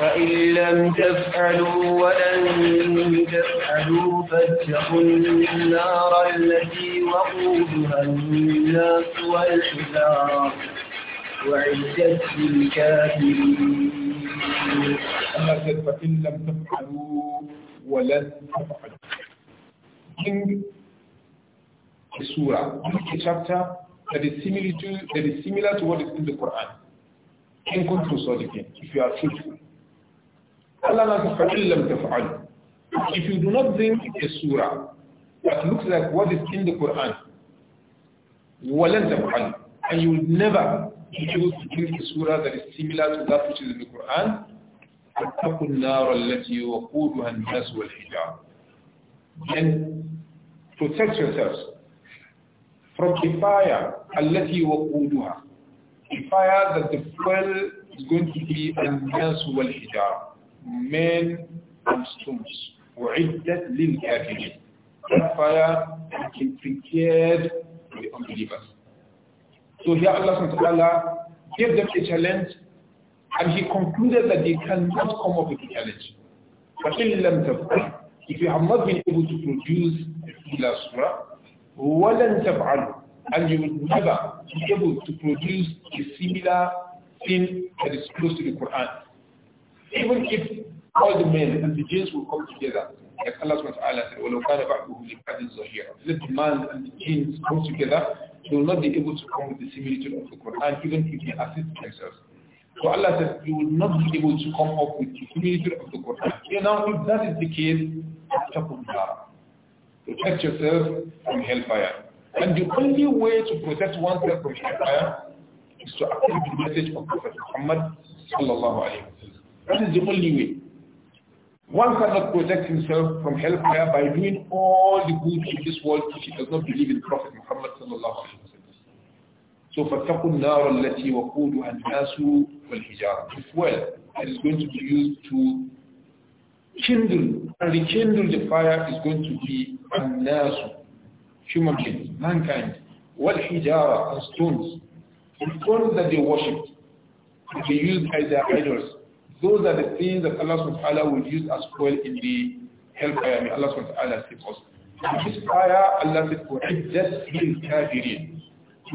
فإن لم تفعلوا ولن تفعلوا فاتقوا النار التي وقودها الناس والحجار وعدت للكافرين أما فإن لم تفعلوا ولن تفعلوا the Surah, in the chapter that is similar to that is similar to what is in the Quran. In conclusion, if you are truthful. Allah If you do not bring a surah that looks like what is in the Quran, And you will never be able to bring a surah that is similar to that which is in the Quran. فَاتَّقُوا النَّارَ الَّتِي وَقُودُهَا النَّاسُ وَالْحِجَارُ Then protect yourselves from the fire الَّتِي The fire that the fuel is going to be and the وَالْحِجَارُ men and stones. وَعِدَّتْ لِلْكَافِرِينَ That fire has been prepared for the unbelievers. So here Allah subhanahu gave them a challenge and he concluded that they cannot come up with a challenge. But فَإِنْ لَمْ تَفْعَلْ If you have not been able to produce a Fila Surah, وَلَنْ تَفْعَلْ And you will never be able to produce a similar thing that is close to the Quran. Even if all the men and the jinns will come together, like Allah subhanahu wa ta'ala said, وَلَوْ will بَعْضُهُ لِبَعْضٍ If the man and the jinns come together, they will not be able to come with the similitude of the Quran, even if they assist themselves. So Allah said, you will not be able to come up with the similitude of the Quran. You know, if that is the case, protect yourself from hellfire. And the only way to protect oneself from hellfire is to accept the message of Prophet Muhammad sallallahu alayhi wa sallam. That is the only way. One cannot protect himself from hellfire by doing all the good in this world if he does not believe in Prophet Muhammad sallallahu alaihi wasallam. So فَاتَّقُوا النَّارَ الَّتِي وَقُودُهَا النَّاسُ وَالْحِجَارَةُ If well it is going to be used to kindle and rekindle the fire is going to be النَّاسُ human beings, mankind, وَالْحِجَارَةُ and stones. The stones that they worship, they used as their idols. Those are the things that Allah subhanahu wa ta'ala will use as well in the hellfire. May Allah subhanahu wa ta'ala save us. In this fire, Allah said, for وَعِدَّتْ لِلْكَافِرِينَ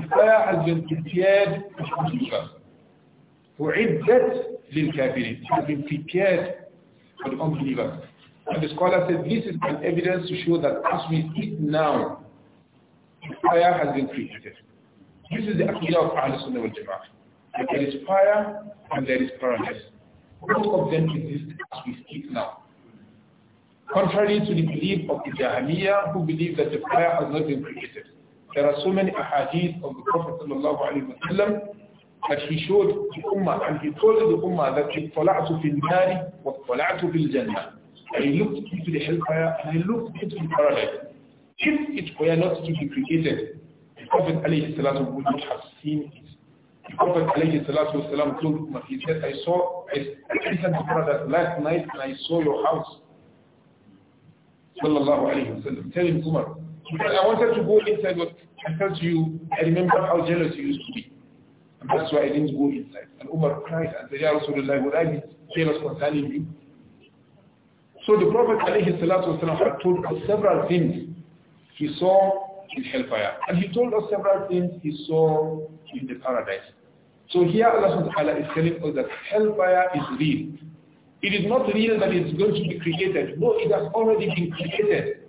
The fire has been prepared for believers. وَعِدَّتْ لِلْكَافِرِينَ It has been prepared for the unbelievers. And the scholar said, this is an evidence to show that as we speak now, fire has been created. This is the aqidah of Ahl Sunnah wal Jama'ah. There is fire and there is paradise. Both of them exist as we speak now. Contrary to the belief of the Jahamiyyah who believe that the fire has not been created. There are so many ahadith of the Prophet ﷺ that he showed the Ummah and he told the Ummah that طَلَعْتُ فِي النَّارِ وَطَلَعْتُ فِي الْجَنَّةِ And he looked into the hellfire and he looked into the paradise. If it were not to be created, the Prophet ﷺ would not have seen it the Prophet والسلام, told Umar, he said, I saw, I listened to brother last night and I saw your house. Sallallahu alayhi wa sallam. Tell him, Umar. He I wanted to go inside, but I felt you, I remember how jealous you used to be. And that's why I didn't go inside. And Umar cried and said, Ya Rasulullah, would I be jealous concerning you? So the Prophet والسلام, had told us several things he saw in hellfire. And he told us several things he saw in the paradise. So here Allah subhanahu wa ta'ala is telling us that hellfire is real. It is not real that it's going to be created. No, it has already been created.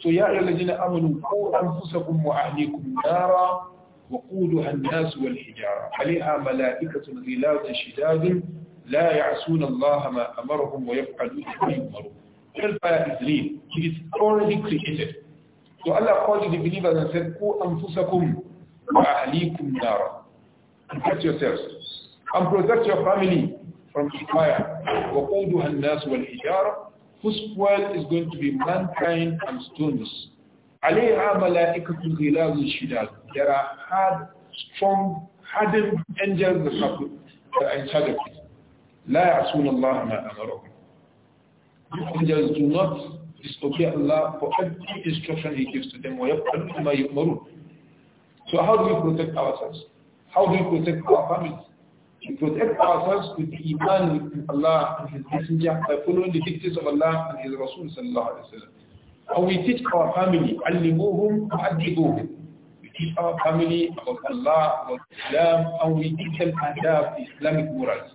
So يا أيها الذين آمنوا قوا أنفسكم وأهليكم نارا وقودها الناس والحجارة عليها ملائكة غلاظ شداد لا يعصون الله ما أمرهم ويفعلون ما يؤمرون. Hellfire is real. It is already created. So Allah called the believers and said, قوا أنفسكم وأهليكم نارا protect yourselves and protect your family from fire. وَقَوْدُهَا النَّاسُ وَالْحِجَارَةُ Whose world is going to be mankind and stones. عَلَيْهَا مَلَائِكَةُ غِلَاظُ الشِّدَادُ There are hard, strong, hardened angels that are in charge of it. لَا يَعْصُونَ اللَّهَ مَا أَمَرَهُمْ These angels do not disobey Allah for every instruction He gives to them. وَيَقْبَلُونَ مَا يُؤْمَرُونَ So how do we protect ourselves? How do we protect our families? We protect ourselves with the iman with Allah and His Messenger by following the dictates of Allah and His Rasul sallallahu alaihi wasallam. How we teach our family, alimuhum adibuhum. We teach our family about Allah, about Islam, and we teach them adab Islamic morals.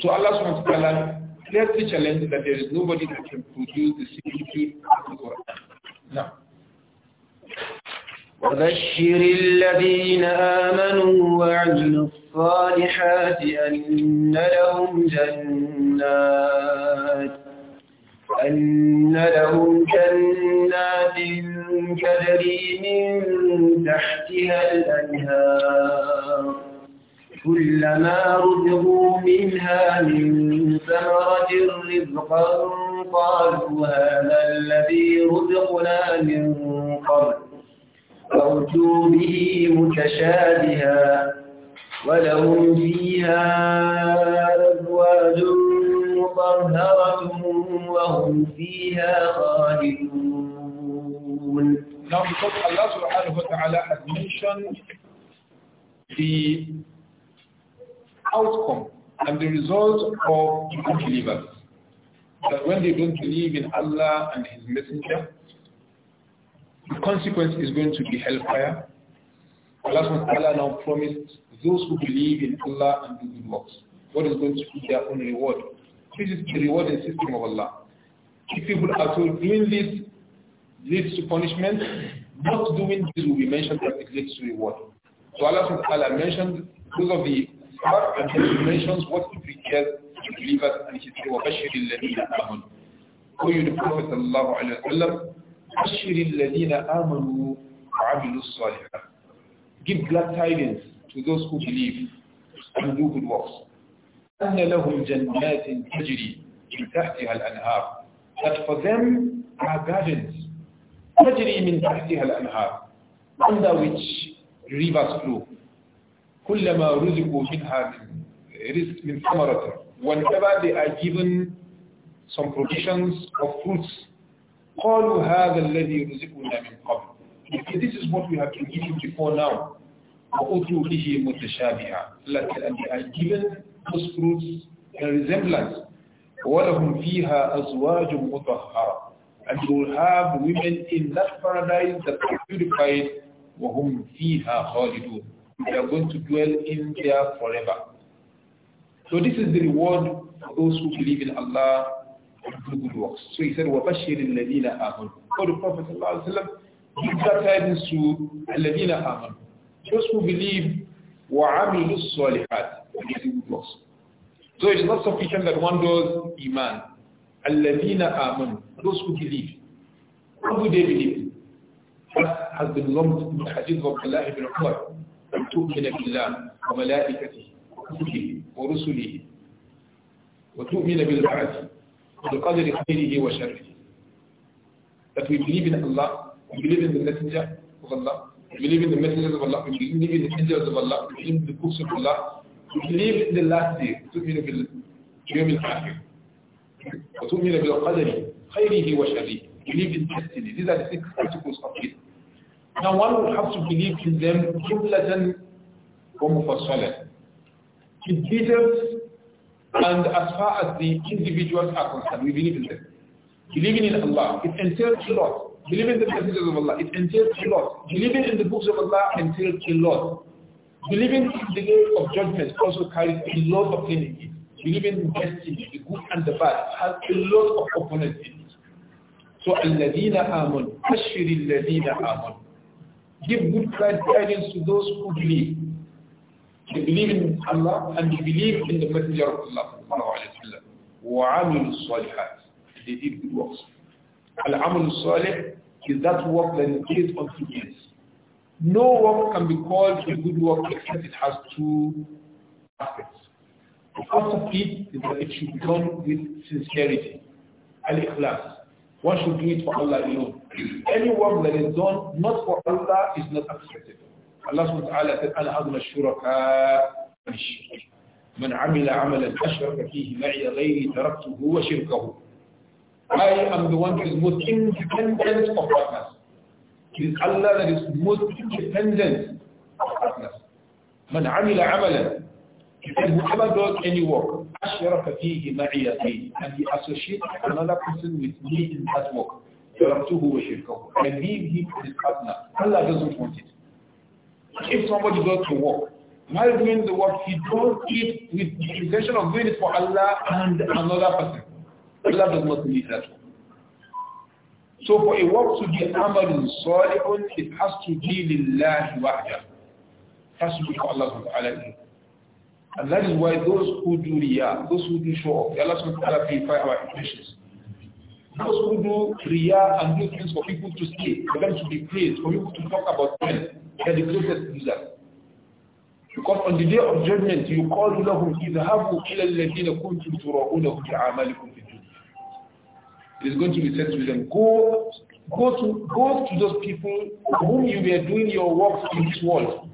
So Allah subhanahu wa clearly challenged that there is nobody that can produce the similitude of the Quran. Now. وبشر الذين آمنوا وعملوا الصالحات أن لهم جنات أن لهم جنات تجري من تحتها الأنهار كلما رزقوا منها من ثمرة رزقا قالوا هذا الذي رزقنا من قبل فأتوا به متشابها ولهم فيها أزواج مطهرة وهم فيها خالدون Now because Allah subhanahu wa ta'ala has mentioned the outcome and the result of unbelievers. That when they don't believe in Allah and His Messenger, The consequence is going to be hellfire. Allah SWT now promised those who believe in Allah and do good works. What is going to be their own reward? This is the rewarding system of Allah. If people are told doing this leads to punishment, not doing this will be mentioned that it leads to reward. So Allah SWT mentioned those of the part and then he mentions what he be to believers and he said, وَبَشِّرِ الَّذِينَ آمَنُوا O you the Prophet sallallahu alayhi Give glad tidings to those who believe and do good works. أن لهم جنات تجري من تحتها الأنهار That for them are gardens تجري من تحتها الأنهار under which rivers flow كلما رزقوا منها من رزق من ثمرة whenever they are given some provisions of fruits قالوا هذا الذي رزقنا من قبل This is what we have been given before now. وأتوه متشابها Allah said, and they are given those fruits a resemblance. وَلَهُمْ فِيهَا أَزْوَاجٌ مُطَهَّرَةٌ And you will have women in that paradise that are purified. وَهُمْ فِيهَا خَالِدُونَ They are going to dwell in there forever. So this is the reward for those who believe in Allah good works. So he said, وَبَشِّرِ الَّذِينَ آمَنُوا For the Prophet ﷺ, give that to الَّذِينَ آمَنُوا Those who believe وَعَمِلُوا الصَّالِحَاتِ And good works. So it is not sufficient that one does iman. الَّذِينَ آمَنُوا Those who believe. What do they believe? That has been lumped in the hadith of Allah ibn Umar. أن تؤمن بالله وملائكته وكتبه ورسله وتؤمن بالبعث بقدر خيره وشره. That we believe in Allah, we believe in the Messenger of Allah, we believe in the messengers of Allah, we believe in the angels of Allah, we believe in the books of Allah, we believe in the last day, تؤمن باليوم الآخر وتؤمن بالقدر خيره وشره. Believe in destiny. These are the six articles of faith. Now one would have to believe in them جملة ومفصلة. In details And as far as the individuals are concerned, we believe in them. Believing in Allah, it entails a lot. Believing in the messages of Allah, it entails a lot. Believing in the books of Allah entails a lot. Believing in the day of judgment also carries a lot of things. Believing in destiny, the good and the bad, has a lot of components in it. So, الَّذِينَ آمَنُوا أَشْرِ الَّذِينَ آمَنُوا Give good guidance to those who believe. They believe in Allah and they believe in the Messenger of Allah وَعَمِلُوا الصَّالِحَاتِ They did good works. Al-amal salih is that work that is based on two things. No work can be called a good work except it has two aspects. The first of it is that it should be done with sincerity, al-ikhlas. One should do it for Allah alone. Any work that is done not for Allah is not acceptable. الله سبحانه وتعالى قال أنا أغنى الشركاء من الشرك من عمل عملا أشرك فيه معي غيري تركته وشركه I am the one who is most independent of partners. It is Allah that is most independent of partners. من عمل عملا and whoever does any work أشرك فيه معي غيري and he associates another person with me in that work. تركته وشركه I leave him with his partner. Allah doesn't want it. If somebody goes to work, while doing the work, he does it with the intention of doing it for Allah and another person. Allah does not need that So for a work to be amalun salihun, it has to be lillahi wahda. It has to be for Allah subhanahu And that is why those who do riyah, those who do show off, Allah subhanahu wa ta'ala purify our intentions. Those who do Riya and do things for people to see, for them to be praised, for people to talk about them, they are the greatest loser. Because on the day of judgment, you call لهم اذهبوا إلى الذين كنتم تراؤونهم بأعمالكم في الدنيا. It is going to be said to them, go, go to, go to those people whom you were doing your work in this world.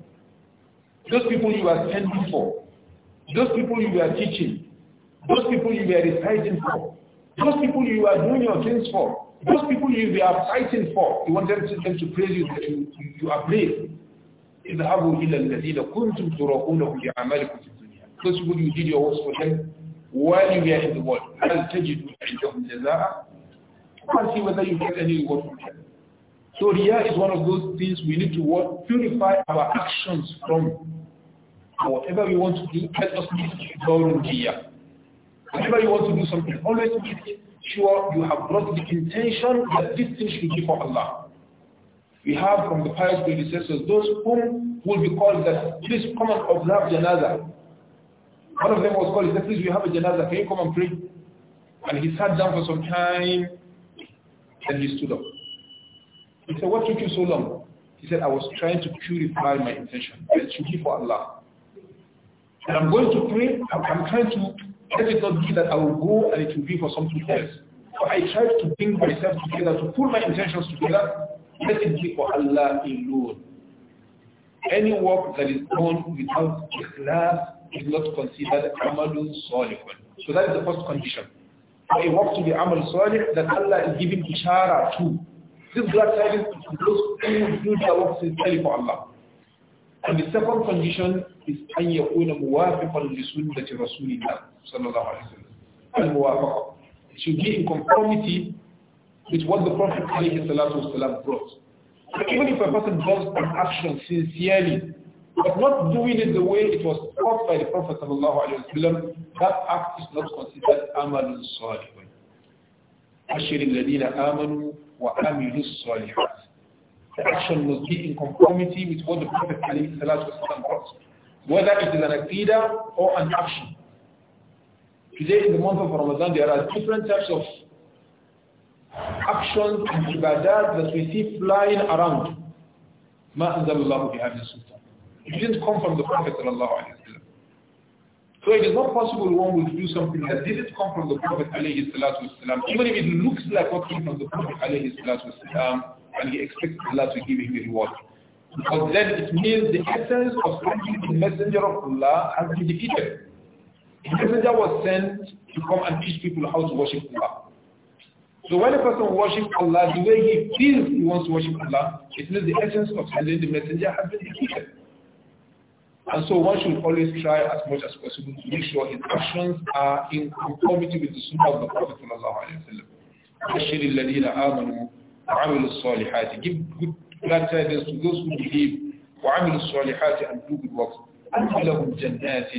Those people you were sending for. Those people you were teaching. Those people you were reciting for. Those people you are doing your things for, those people you are fighting for, you want them to, them to praise you that you, you are brave. اذهبوا إلى الذين كنتم تراؤونهم بأعمالكم في الدنيا. Those people you did your works for them while you are in the world. هل تجدوا عندهم جزاء؟ Can't see whether you get any reward from them. So Riyah is one of those things we need to work, purify our actions from. Whatever we want to do, let us be pure in Riyah. Whenever you want to do something, always make sure you have brought the intention that this thing should be for Allah. We have from the pious predecessors those whom will be called that, please come and observe janaza. One of them was called, he said, please we have a janaza, can you come and pray? And he sat down for some time, and he stood up. He said, what took you so long? He said, I was trying to purify my intention. It should be for Allah. And I'm going to pray, I'm, I'm trying to let it not be that I will go and it will be for something else. So I try to bring myself together, to pull my intentions together. Let it be for Allah alone. Any work that is done without ikhlas is not considered amalun salihun. So that is the first condition. For a work to be amal salih that Allah is giving ishara to. This glad tidings to those who do their work sincerely for Allah. And the second condition is an yakuna muwafiqan li sunnati rasulillah sallallahu wasallam al it should be in conformity with what the prophet alayhi salatu wasallam brought But even if a person does an action sincerely but not doing it the way it was taught by the prophet sallallahu alaihi wasallam that act is not considered amal salih. ashir alladhina amanu wa amilus salihat the action must be in conformity with what the Prophet ﷺ brought whether it is an aqidah or an action. Today in the month of Ramadan, there are different types of actions and ibadat that we see flying around. ما أنزل الله بهذا It didn't come from the Prophet sallallahu So it is not possible one will do something that didn't come from the Prophet alayhi salatu even if it looks like what came from the Prophet alayhi salatu and he expects Allah to give him the reward. Because then it means the essence of sending the messenger of Allah has been defeated. The messenger was sent to come and teach people how to worship Allah. So when a person worships Allah the way he feels he wants to worship Allah, it means the essence of sending the messenger has been defeated. And so one should always try as much as possible to make sure his actions are in conformity with the Sunnah of the Prophet give good granted is to those who believe وعملوا الصالحات and do good works أن لهم جنات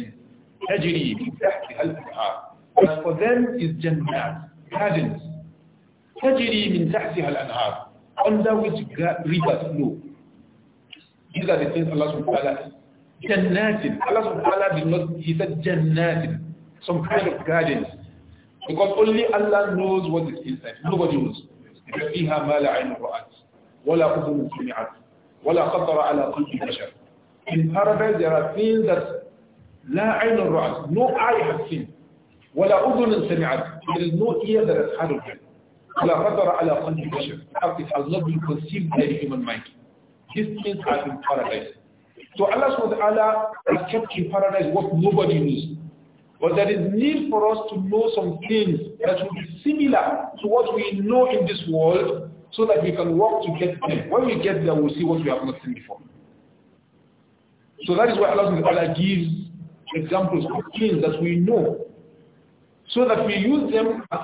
تجري من تحتها الأنهار But for them is جنات gardens تجري من تحتها الأنهار under which rivers flow These are the things Allah subhanahu wa ta'ala Jannatin. Allah subhanahu wa ta'ala did not, he said Jannatin. Some kind of gardens. Because only Allah knows what is inside. Nobody knows. فِيهَا مَا رَأَتْ ولا أذن سمعت ولا خطر على قلب بشر In paradise there are things that لا عين رأت no eye has seen ولا أذن سمعت there is no ear that has heard of them ولا خطر على قلب بشر it has not been conceived by the human mind these things are in paradise so Allah subhanahu wa ta'ala has kept in paradise what nobody knows but there is need for us to know some things that will be similar to what we know in this world so that we can work to get there. When we get there, we'll see what we have not seen before. So that is why Allah gives examples of things that we know, so that we use them as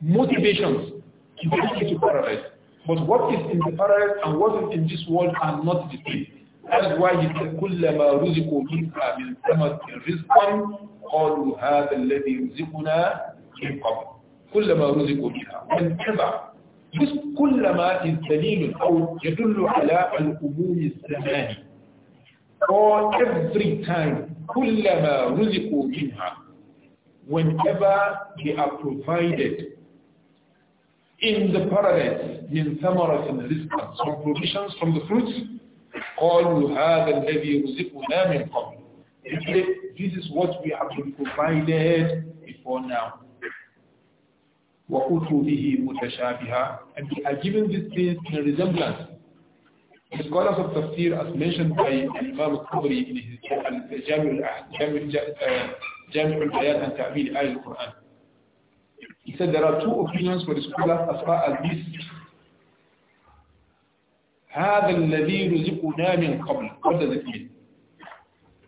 motivations to get into paradise. But what is in the paradise and what is in this world are not the same. That is why he said, كُلَّمَا رُزِقُوا مِنْهَا مِنْ ثَمَرٍ رِزْقًا قَالُوا هَذَا الَّذِي رُزِقُنَا مِنْ قَبْلُ كُلَّمَا رُزِقُوا Whenever كل ما is أو يدل على الأمور الزمان or every time كل ما رزقوا منها whenever they are provided in the paradise من ثمرة رزقا some provisions from the fruits قالوا هذا الذي رزقنا من قبل this is what we have been provided before now وكتبه متشابهة and they are given these things in a resemblance. The scholars of Tafsir, as mentioned by Imam al Qudri in his Jami' al-Bayat and Ta'wil al-Quran, he said there are two opinions for the scholars as far as this. هذا الذي رزقنا من قبل. What does it mean?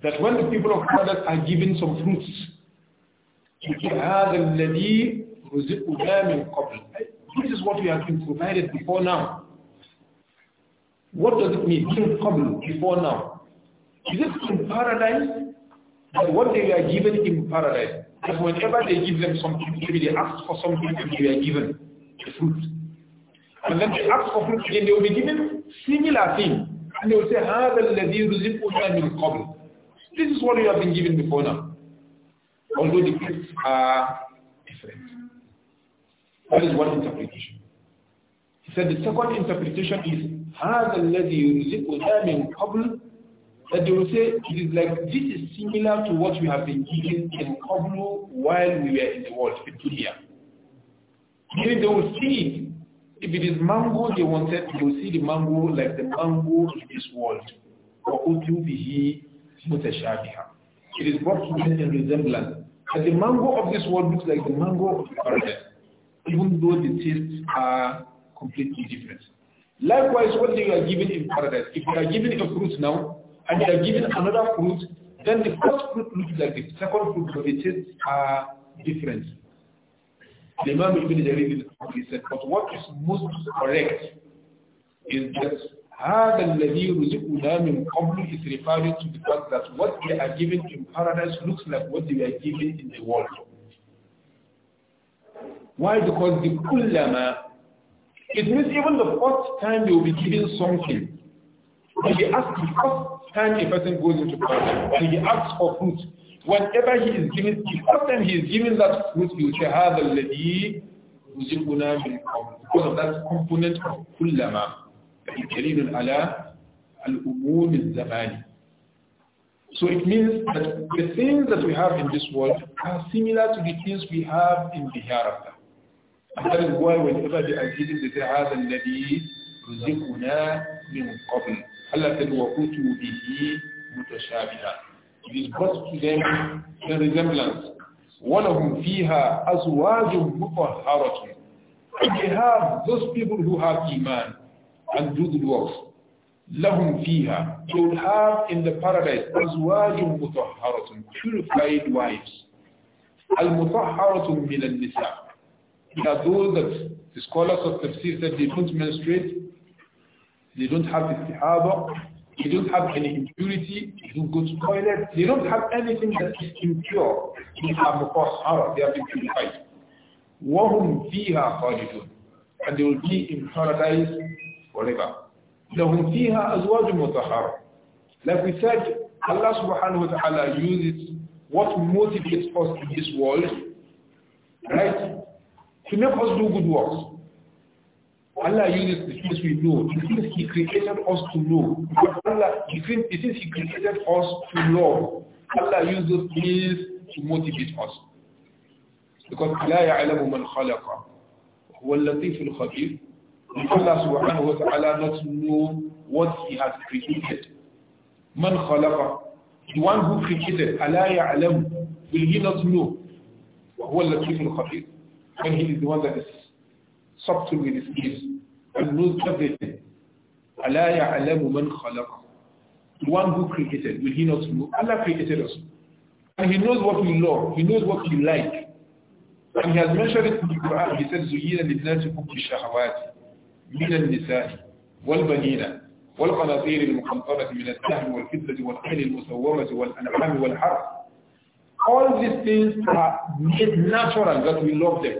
That when the people of Qadat are given some fruits, هذا الذي This is what we have been provided before now. What does it mean, min qabl, before now? Is it in paradise? That what they are given in paradise, that whenever they give them something, maybe they ask for something and they are given, the fruit. And then they ask for fruit again, they will be given similar thing. And they will say, هَذَا الَّذِي رُزِقُنَا مِنْ قَبْلِ This is what we have been given before now. Although the gifts are different. That is one interpretation. He said the second interpretation is هذا الذي يرزقنا that they will say it is like this is similar to what we have been given in Kabul while we were in the world, Petulia. Meaning they will see if it is mango they wanted, they will see the mango like the mango in this world. It is brought to them in resemblance. And the mango of this world looks like the mango of the paradise though the tastes are completely different. Likewise, what you are given in paradise, if you are given a fruit now, and you are given another fruit, then the first fruit looks like the second fruit, but the tastes are different. The Imam Ibn Jarir said, but what is most correct is that هذا الذي رزقنا من قبل is referring to the fact that what they are given in paradise looks like what they are given in the world. Why? Because the kullama, it means even the first time you will be given something, when he asks the first time a person goes into prayer, when he asks for fruit, whenever he is given, the first time he is given that fruit, you will have a رزقنا Because of that component of kullama, So it means that the things that we have in this world are similar to the things we have in the hereafter. هل هو why whenever they هذا الذي رزقنا من قبل. Allah said, وَكُتُوا بِهِ مُتَشَابِهًا It is brought to them the resemblance. وَلَهُمْ فِيهَا أَزْوَاجٌ مُطَهَّرَةٌ They have those people who have iman and do good works. لَهُمْ فِيهَا They will have in the paradise أَزْوَاجٌ مُطَهَّرَةٌ Purified wives. al المطهرة من النساء there those that the scholars of tafsir that they don't menstruate, they don't have istihaba, they don't have any impurity, they don't go to toilet, they don't have anything that is impure. They have are mutahhara, they have been purified. وَهُمْ فِيهَا خَالِدُونَ And they will be in paradise forever. لَهُمْ فِيهَا أَزْوَاجٌ مُطَهَّرَةٌ Like we said, Allah subhanahu wa ta'ala uses what motivates us in this world, right? to make us do good works. Allah uses the things we know, the things He created us to know. Allah, the things He created us to love. Allah uses those things to motivate us. Because لا يعلم من خلق هو اللطيف الخبير. Allah subhanahu wa ta'ala not know what He has created. من خلق The one who created, ألا يعلم Will he not know? وهو اللطيف الخبير and he is the one that is subtle with his gifts and knows everything. أَلَا يَعْلَمُ مَنْ خَلَقَ The one who created, will he not know? Allah created us. And he knows what we love, he knows what we like. And he has mentioned it in the Quran, he said, زُيِّنَ لِلنَّاسِكُمْ الشهوات مِنَ النِّسَاءِ وَالْبَنِينَ والقناطير المقنطرة من الذهب والفضة والخيل المسورة والأنعام والحرث all these things are made natural that we love them.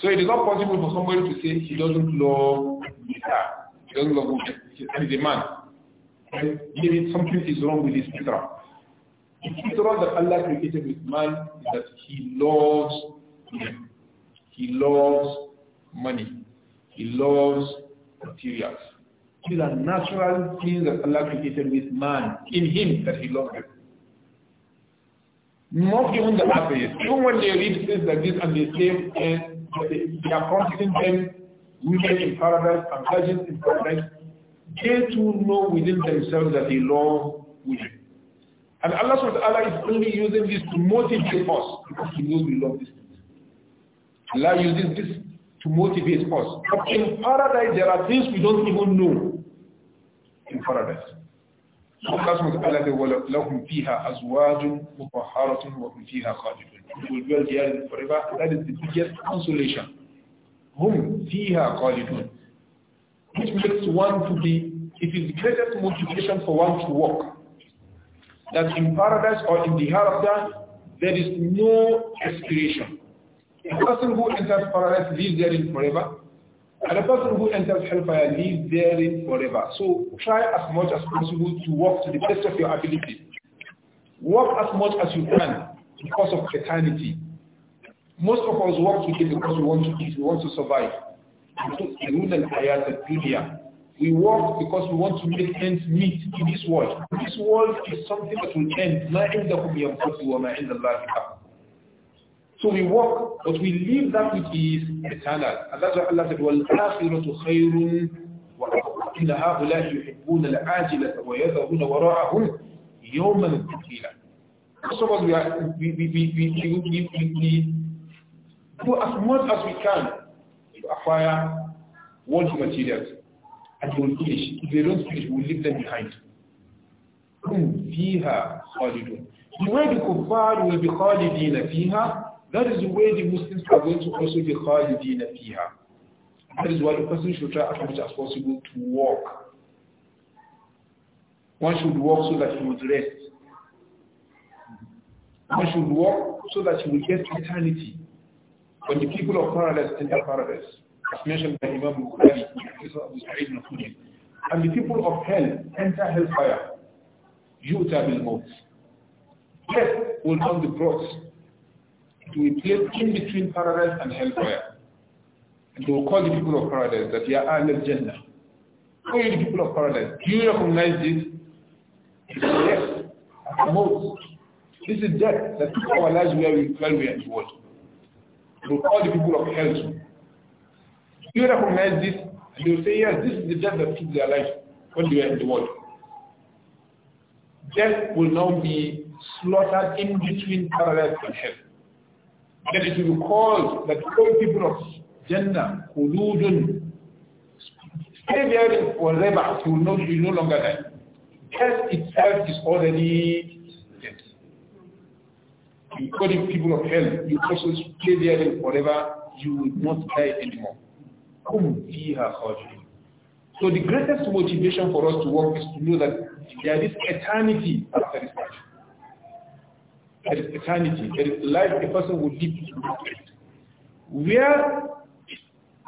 So it is not possible for somebody to say he doesn't love guitar, he doesn't love women, and he's a man. maybe something is wrong with his fitra. The fitra that Allah created with man is that he loves him, He loves money. He loves materials. These are natural things that Allah created with man, in him that he loves them. Not even the atheists. Even when they read things like this and they say eh, and they, they are promising them women in paradise and virgins in paradise, they too know within themselves that they love women. And Allah subhanahu wa ta'ala is only using this to motivate us because he knows we love this. Allah uses this to motivate us. But in paradise there are things we don't even know in paradise. Allah subhanahu wa ta'ala said, وَلَهُمْ فِيهَا أَزْوَاجٌ مُطَهَّرَةٌ وَهُمْ فِيهَا will dwell there forever. That is the biggest consolation. هُمْ فِيهَا خَالِدُونَ Which makes one to be, it is the greatest motivation for one to work. That in paradise or in the hereafter, there is no expiration. A person who enters paradise lives therein forever. And the person who enters hellfire lives therein forever. So try as much as possible to work to the best of your ability. Work as much as you can because of eternity. Most of us work today because we want to eat, we want to survive. We work because we want to make ends meet in this world. This world is something that will end. So we walk, but we leave that which is eternal. And that's why Allah said, وَالْآخِرَةُ خَيْرٌ وَأَقْوَةٌ إِلَّا هَؤُلَاءِ يُحِبُّونَ الْعَاجِلَةَ وَيَذَرُونَ وَرَاءَهُمْ يَوْمًا ثَقِيلًا First of all, we, are, we, we, we, we, we, we do as much as we can to acquire worldly materials, and we will finish. If they don't finish, we will leave them behind. فيها خالدون. The way the kuffar will be خالدين فيها that is the way the Muslims are going to also be khalidina fiha. That is why the person should try as much as possible to walk. One should walk so that he would rest. One should walk so that he will get eternity. When the people of paradise enter paradise, as mentioned by Imam Bukhari, and the people of hell enter hellfire, you will most. Yes, Death will come the cross to a place in between paradise and hellfire. And they will call the people of paradise that are Ahlul Jannah. Who are the people of paradise? Do you recognize this? Yes, at most. This is death that took our lives where we were we are in the world. They call the people of hell. Do you recognize this? And they will say, yes, this is the death that took their life when they were in the world. Death will now be slaughtered in between paradise and hell that it will cause that all people of Jannah, Khuludun, stay there forever will no, you no longer die. Death itself is already death. Including people of hell, you also stay there forever, you will not die anymore. So the greatest motivation for us to work is to know that there is eternity after this life there is eternity, there is life a person will live. Where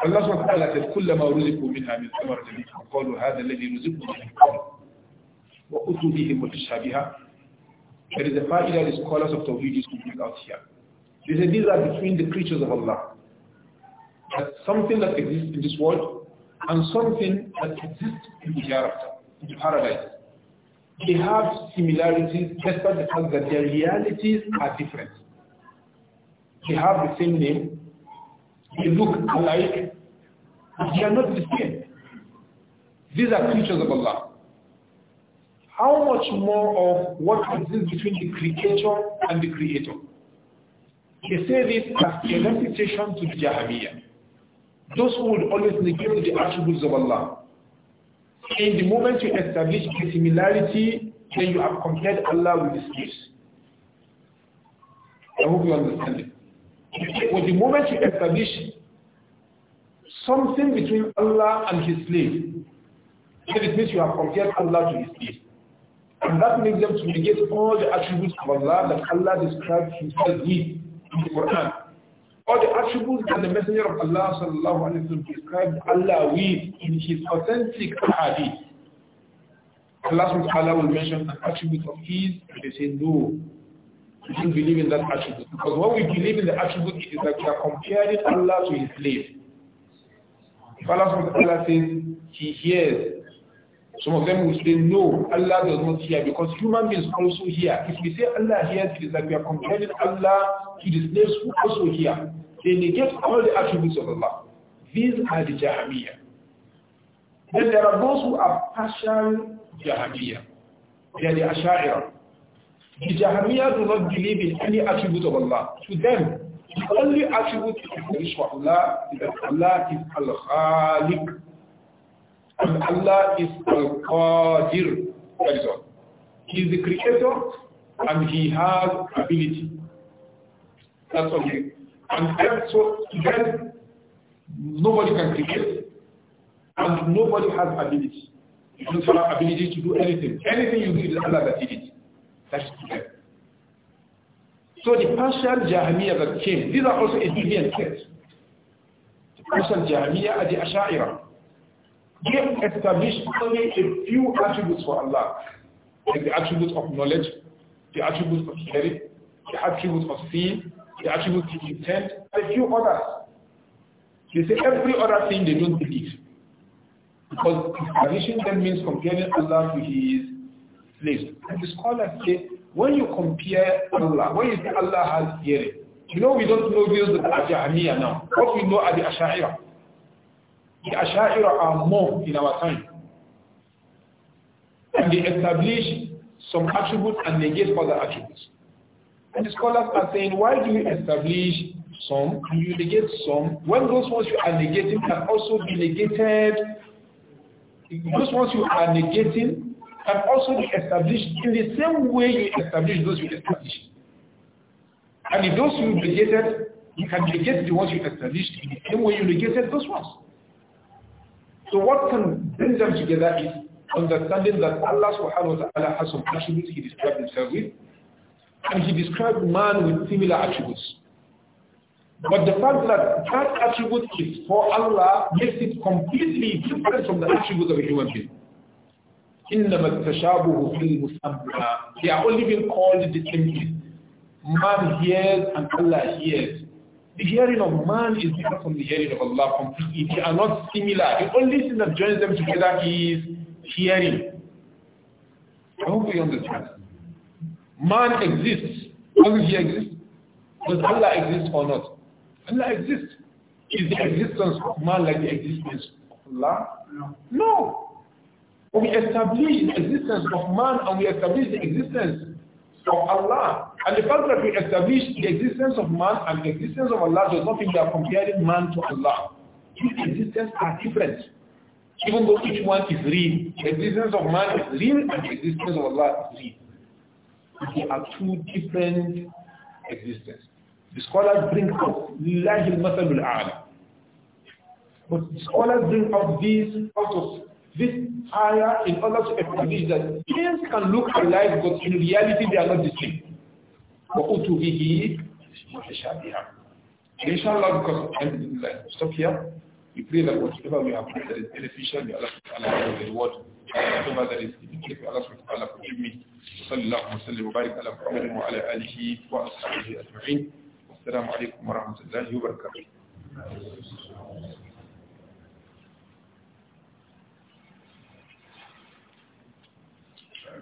Allah الله سبحانه وتعالى says كلما رزقوا منها من ثمرة منها قالوا هذا الذي رزقنا من قبل وأتوا به متشابها There is a that the scholars of Tawhid is coming out here. They say these are between the creatures of Allah. That something that exists in this world and something that exists in the hereafter, in the paradise they have similarities despite the fact that their realities are different. They have the same name, they look alike, they are not the same. These are creatures of Allah. How much more of what exists between the creature and the creator? They say this as a refutation to the Jahamiyyah. Those who would always negate the attributes of Allah. In the moment you establish a similarity, then you have compared Allah with his slaves. I hope you understand it. But the moment you establish something between Allah and his slave, then it means you have compared Allah to his slave. And that makes them to negate all the attributes of Allah that Allah describes himself with in the Quran all the attributes that the Messenger of Allah sallallahu alayhi wa described Allah with in his authentic hadith. Allah subhanahu wa will mention an attribute of his and they say no. We don't believe in that attribute. Because when we believe in the attribute it is that we are comparing Allah to his slave. If Allah subhanahu wa ta'ala says he hears some of them will say, no, Allah does not hear because human beings also hear. If we say Allah hears, it is like we are comparing Allah to the slaves who also hear. They negate all the attributes of Allah. These are the Jahamiyyah. Then there are those who are partial Jahamiyyah. They are the Asha'ira. The Jahamiyyah do not believe in any attribute of Allah. To them, the only attribute of Allah is that Allah is Al-Khaliq. And Allah is Al-Qadir. That is all. He is the creator and he has ability. That's okay. And so then nobody can create and nobody has ability. You don't have ability to do anything. Anything you do is Allah that did it. That's correct. So the partial Jahmiyyah that came, these are also Indian sects. The partial Jahmiyyah and the Asha'ira give established only a few attributes for Allah, like the attributes of knowledge, the attributes of hearing, the attributes of seeing, the attributes of intent, and a few others. They say every other thing they don't believe. Because establishing them means comparing Allah to his place. And the scholars say, when you compare Allah, when you say Allah has hearing, you know we don't know those that are now. What we know are the Ash'ariya. The Ash'ari are more in our time. And they establish some attributes and negate other attributes. And the scholars are saying, why do you establish some and you negate some when those ones you are negating can also be negated? Those ones you are negating can also be established in the same way you establish those you establish. And if those you negated, you can negate the ones you established in the same way you negated those ones. So what can bring them together is understanding that Allah subhanahu wa ta'ala has some attributes he described himself with, and he described man with similar attributes. But the fact that that attribute is for Allah makes it completely different from the attributes of a human being. إنما التشابه في المسمى. They are only being called the same thing. Man hears and Allah hears. The hearing of man is different from the hearing of Allah completely. They are not similar. The only thing that joins them together is hearing. I hope you understand. Man exists. does he exist? Does Allah exist or not? Allah exists. Is the existence of man like the existence of Allah? No. no. we establish the existence of man and we establish the existence from Allah. And the fact that we establish the existence of man and the existence of Allah does not mean we are comparing man to Allah. Two existences are different. Even though each one is real, the existence of man is real and the existence of Allah is real. They are two different existences. The scholars bring out Lillahi al-Masalul But the scholars bring out these out of this ayah in order to establish that things can look alike, but in reality they are not the same. Inshallah, because of like, stop here. We pray that whatever we have that is beneficial, may Allah subhanahu wa reward. Whatever that is difficult, may Allah subhanahu wa ta'ala forgive me. صلى الله وسلم وبارك على محمد وعلى آله وأصحابه أجمعين. السلام عليكم ورحمة الله وبركاته.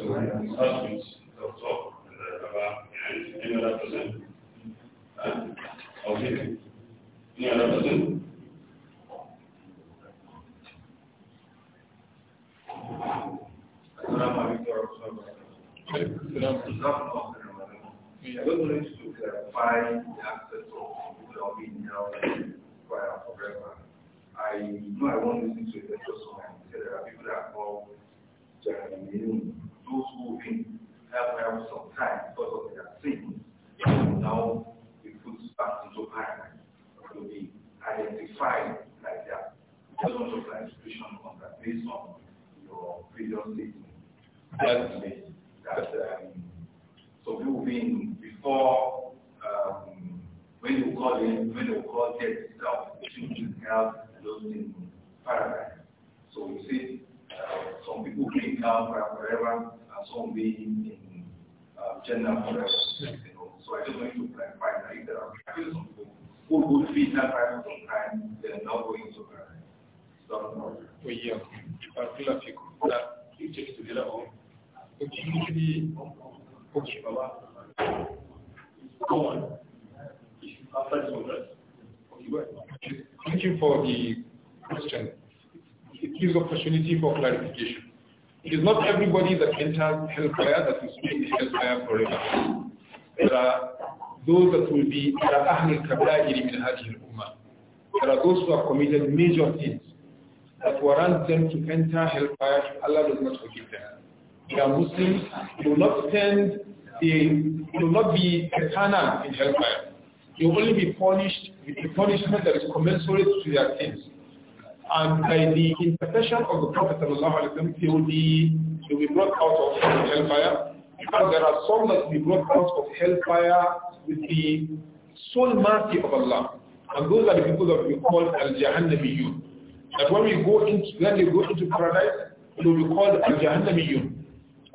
So his husband got up about any other person. Huh? Okay. to the access of people of India prior forever. I know I want to listen to a lecture song and there are people that are called Jahanim those who've have some time because of their sins, now be put back into paradise to be identified like that. Just want to clarification on that based on your previous statement. That, that um, so people being before um, when you call in, when you call death itself, children, health, have those in paradise. So you see, uh, some people being held forever uh, someone in uh, You know? So I just want to clarify that if there are people who would feed that practice some time, they're now going to paradise. So, no. I feel like you could that you take together on. Oh. Okay, usually, okay, Baba. Go on. After this one, Thank you for the question. It gives opportunity for clarification. It is not everybody that enters hellfire that will stay in hellfire forever. There are those that will be there are أهل الكبائر There are those who have committed major sins that warrant them to enter hellfire if Allah does not forgive them. They are Muslims. They will not stand. They will not be eternal in hellfire. They will only be punished with the punishment that is commensurate to their sins and by the intercession of the Prophet sallallahu he will be he will be brought out of hellfire. Because there are some that will be brought out of hellfire with the sole mercy of Allah. And those are the people that we call al-jahannamiyun. That when we go into when they go into paradise, they will be called al-jahannamiyun.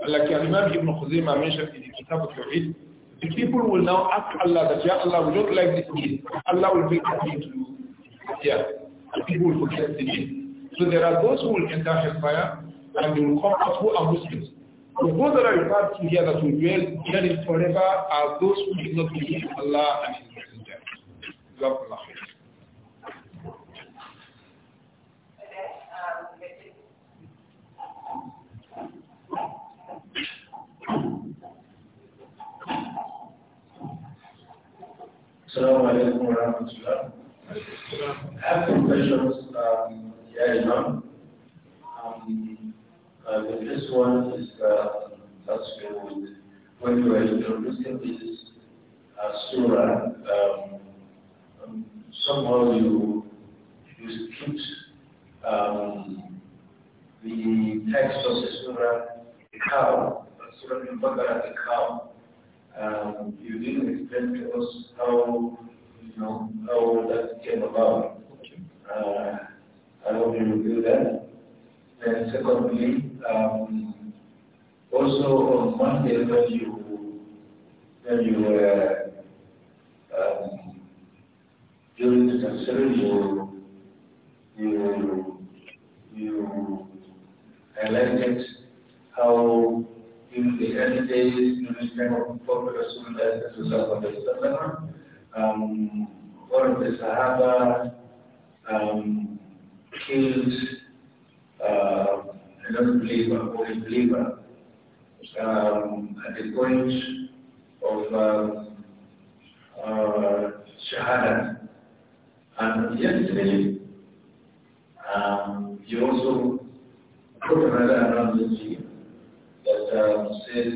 Like Imam Ibn Khuzaimah mentioned in the Kitab al-Tawheed, the people will now ask Allah that, Ya Allah, we don't like this deed. Allah will make it into yeah and people will forget the name. So there are those who will enter hellfire and they will come out who are Muslims. The those that are referred to here that will dwell therein forever are those who did not believe in Allah and His Messenger. Love Allah. السلام عليكم ورحمة الله I have some questions, um, yeah, you know. um, uh, the first one is uh, that's when you were introducing this uh, surah, um, um, somehow you you keep um, the text of the surah, the cow, surah the cow. Um, you didn't explain to us how you know, how that came about. Uh, I hope you will do that. And secondly, um, also on Monday when you when you were uh, um, during the surgery, you you you highlighted how in the early days during the time of popular student as a result of the um, one of the Sahaba um, kills uh, another believer, holy believer, um, at the point of uh, uh, Shahada. And yesterday, um, he also put another analogy that uh, says,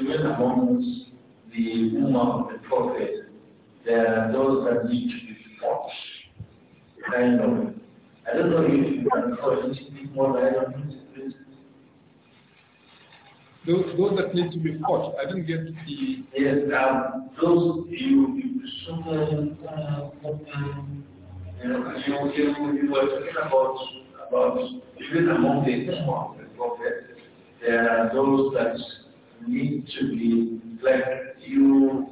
even amongst the woman of the prophet, there are those that need to be taught. Kind of. I don't know if you can throw anything more light on this. Those, those that need to be fought. I didn't get the. Yes, um, those you, you someone, uh, you know, you, you, you were talking about about even among the Islam, the prophet, there are those that need to be like you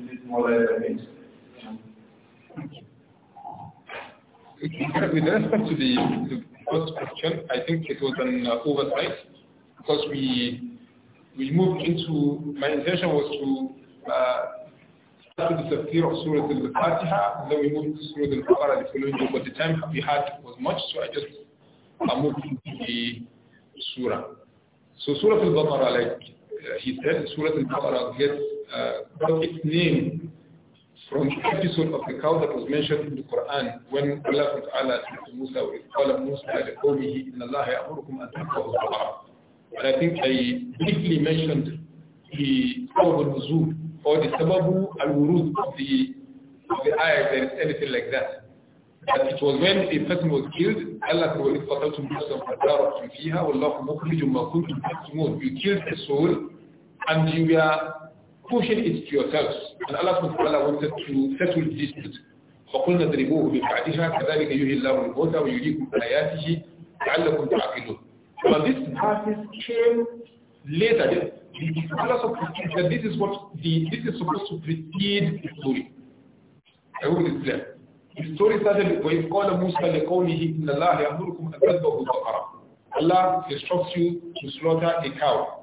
more or less I think. With respect to the, the first question, I think it was an uh, oversight because we we moved into, my intention was to uh, start with the tafsir of Surah Al-Fatiha and then we moved to Surah Al-Baqarah the following day, but the time we had was much, so I just I uh, moved into the Surah. So Surah Al-Baqarah, like uh, he said, Surah Al-Baqarah gets got uh, its name from the episode of the cow that was mentioned in the Quran when Allah Ta'ala said to Musa, قَالَ مُوسَى لِقَوْمِهِ إِنَّ اللَّهَ يَأْمُرُكُمْ أَنْ تَذْبَحُوا بَقَرَةً And I think I briefly mentioned the sabab al-nuzul or the sababu al-wurud of the, of the ayah, there is anything like that. But it was when a person was killed, Allah said, وَإِذْ قَتَلْتُمْ نَفْسًا فَتَارَبْتُمْ فِيهَا وَاللَّهُ مُخْرِجٌ مَا كُنْتُمْ تَكْتُمُونَ You killed a soul and you were pushing it to yourselves. And Allah subhanahu wa ta'ala wanted to settle the dispute. فَقُلْنَا ضْرِبُوهُ بِبْعَدِهَا كَذَلِكَ يُهِي اللَّهُ الْمَوْتَى وَيُرِيكُمْ آيَاتِهِ لَعَلَّكُمْ تَعْقِلُونَ But this verses came later. Allah subhanahu wa this is what the this is supposed to precede the story. I hope it's clear. The story started with قال موسى لقومه إن الله يأمركم أن تذبحوا بقرة. Allah instructs you to slaughter a cow.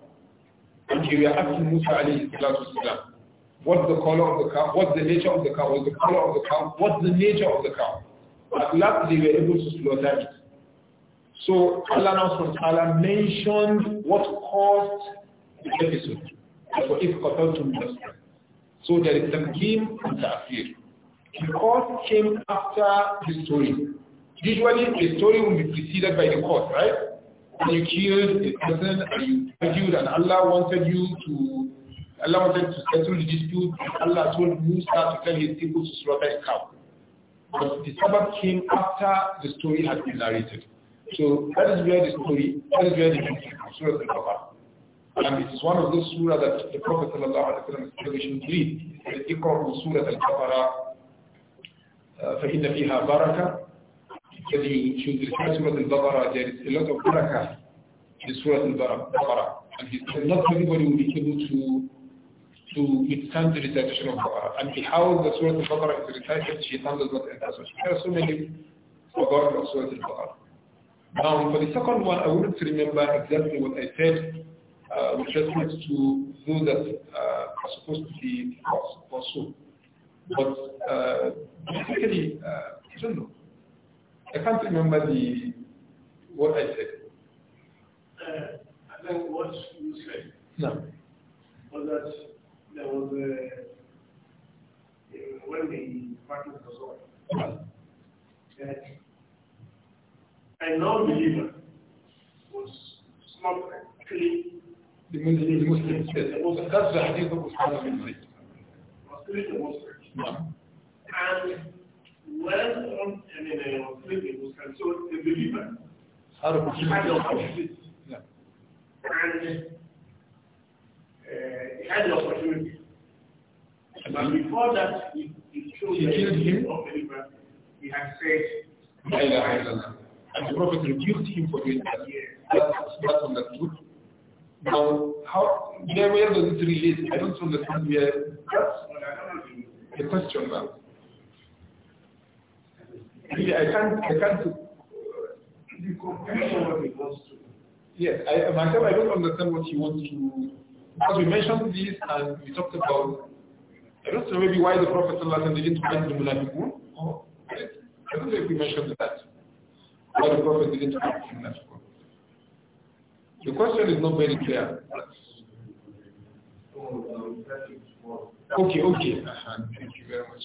And you were asking Musa alayhi salatu wasalam, what's the color of the cow, what's the nature of the cow, what's the color of the cow, what's the nature of the cow. At last they were able to slaughter it. So Allah Allah mentioned what caused the episode. So if to understand. So there is game and ta'fir. The cause came after the story. Usually a story will be preceded by the cause, right? you killed a person and you argued and Allah wanted you to Allah wanted to settle the dispute Allah told Musa to tell his people to slaughter a cow. But the Sabbath came after the story had been narrated. So that is where the story, that is where the Surah Al-Baqarah. And it is one of those Surahs that the Prophet ﷺ read. He said, Surah Al-Baqarah uh, فإن فيها بركة so he should recite Surah Al-Baqarah. There is a lot of barakah in Surah Al-Baqarah. And he said not everybody will be able to to withstand the recitation of Baqarah. And how the Surah Al-Baqarah is recited, Shaitan does not enter. So there are so many forgotten of Surah Al-Baqarah. Now, for the second one, I wouldn't remember exactly what I said uh, with respect to those that uh, are supposed to be forced or so. But uh, basically, uh, I don't know. I can't remember the what I said. Uh, I think what you said. No. Was that there was a, when the battle was on. No. a non-believer was not actually the Muslim. Yes. That's the hadith of Usman bin Zayd. Was killing the Muslims. No. And when one, um, I mean, a Muslim is considered the believer, out of opportunity. Yeah. And uh, he had the opportunity. But mm-hmm. before that, he, he chose the unbeliever. He had said, La ilaha illallah. And the Prophet rebuked him for doing that. Yeah. That's, that's on that truth. Now, how, yeah, where does it relate? I don't understand where. That's the question now. Yeah, I can't, I can't. You uh, comprehend what he wants Yes, I, myself, I don't understand what you want to. As we mentioned this and we talked about, I don't know maybe why the Prophet didn't fight the Munafiqun. Oh, I don't know if we mentioned that. Why the Prophet didn't fight the Munafiqun. The question is not very clear. Okay, okay. Uh -huh. Thank you very much.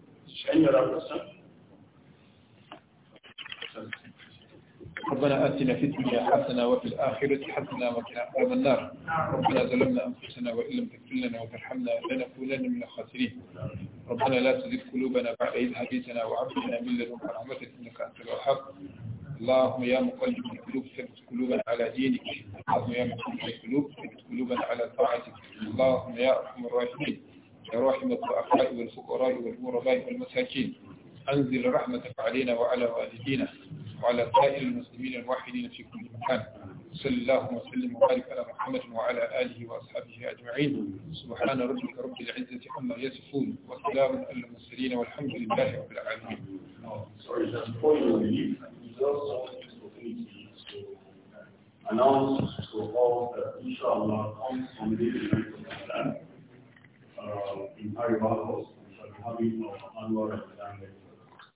ربنا آتنا في الدنيا حسنة وفي الآخرة حسنة وقنا عذاب النار ربنا ظلمنا أنفسنا وإن لم تغفر لنا وترحمنا لنكونن من الخاسرين ربنا لا تزغ قلوبنا بعد إذ هديتنا وهب لنا من لدنك رحمة إنك أنت الوهاب اللهم يا مقلب القلوب ثبت قلوبنا على دينك اللهم يا مقلب القلوب ثبت قلوبنا على طاعتك اللهم يا أرحم الراحمين يا رحمة الأقراء والفقراء والمرضى والمساكين أنزل رحمتك علينا وعلى والدينا وعلى سائر المسلمين الموحدين في كل مكان صلى الله وسلم وبارك على محمد وعلى آله وأصحابه أجمعين سبحان ربك رب العزة عما يصفون وسلام على المرسلين والحمد لله رب العالمين announce to all that inshallah comes from the 9 of Uh, in Harry which will be having our annual representative.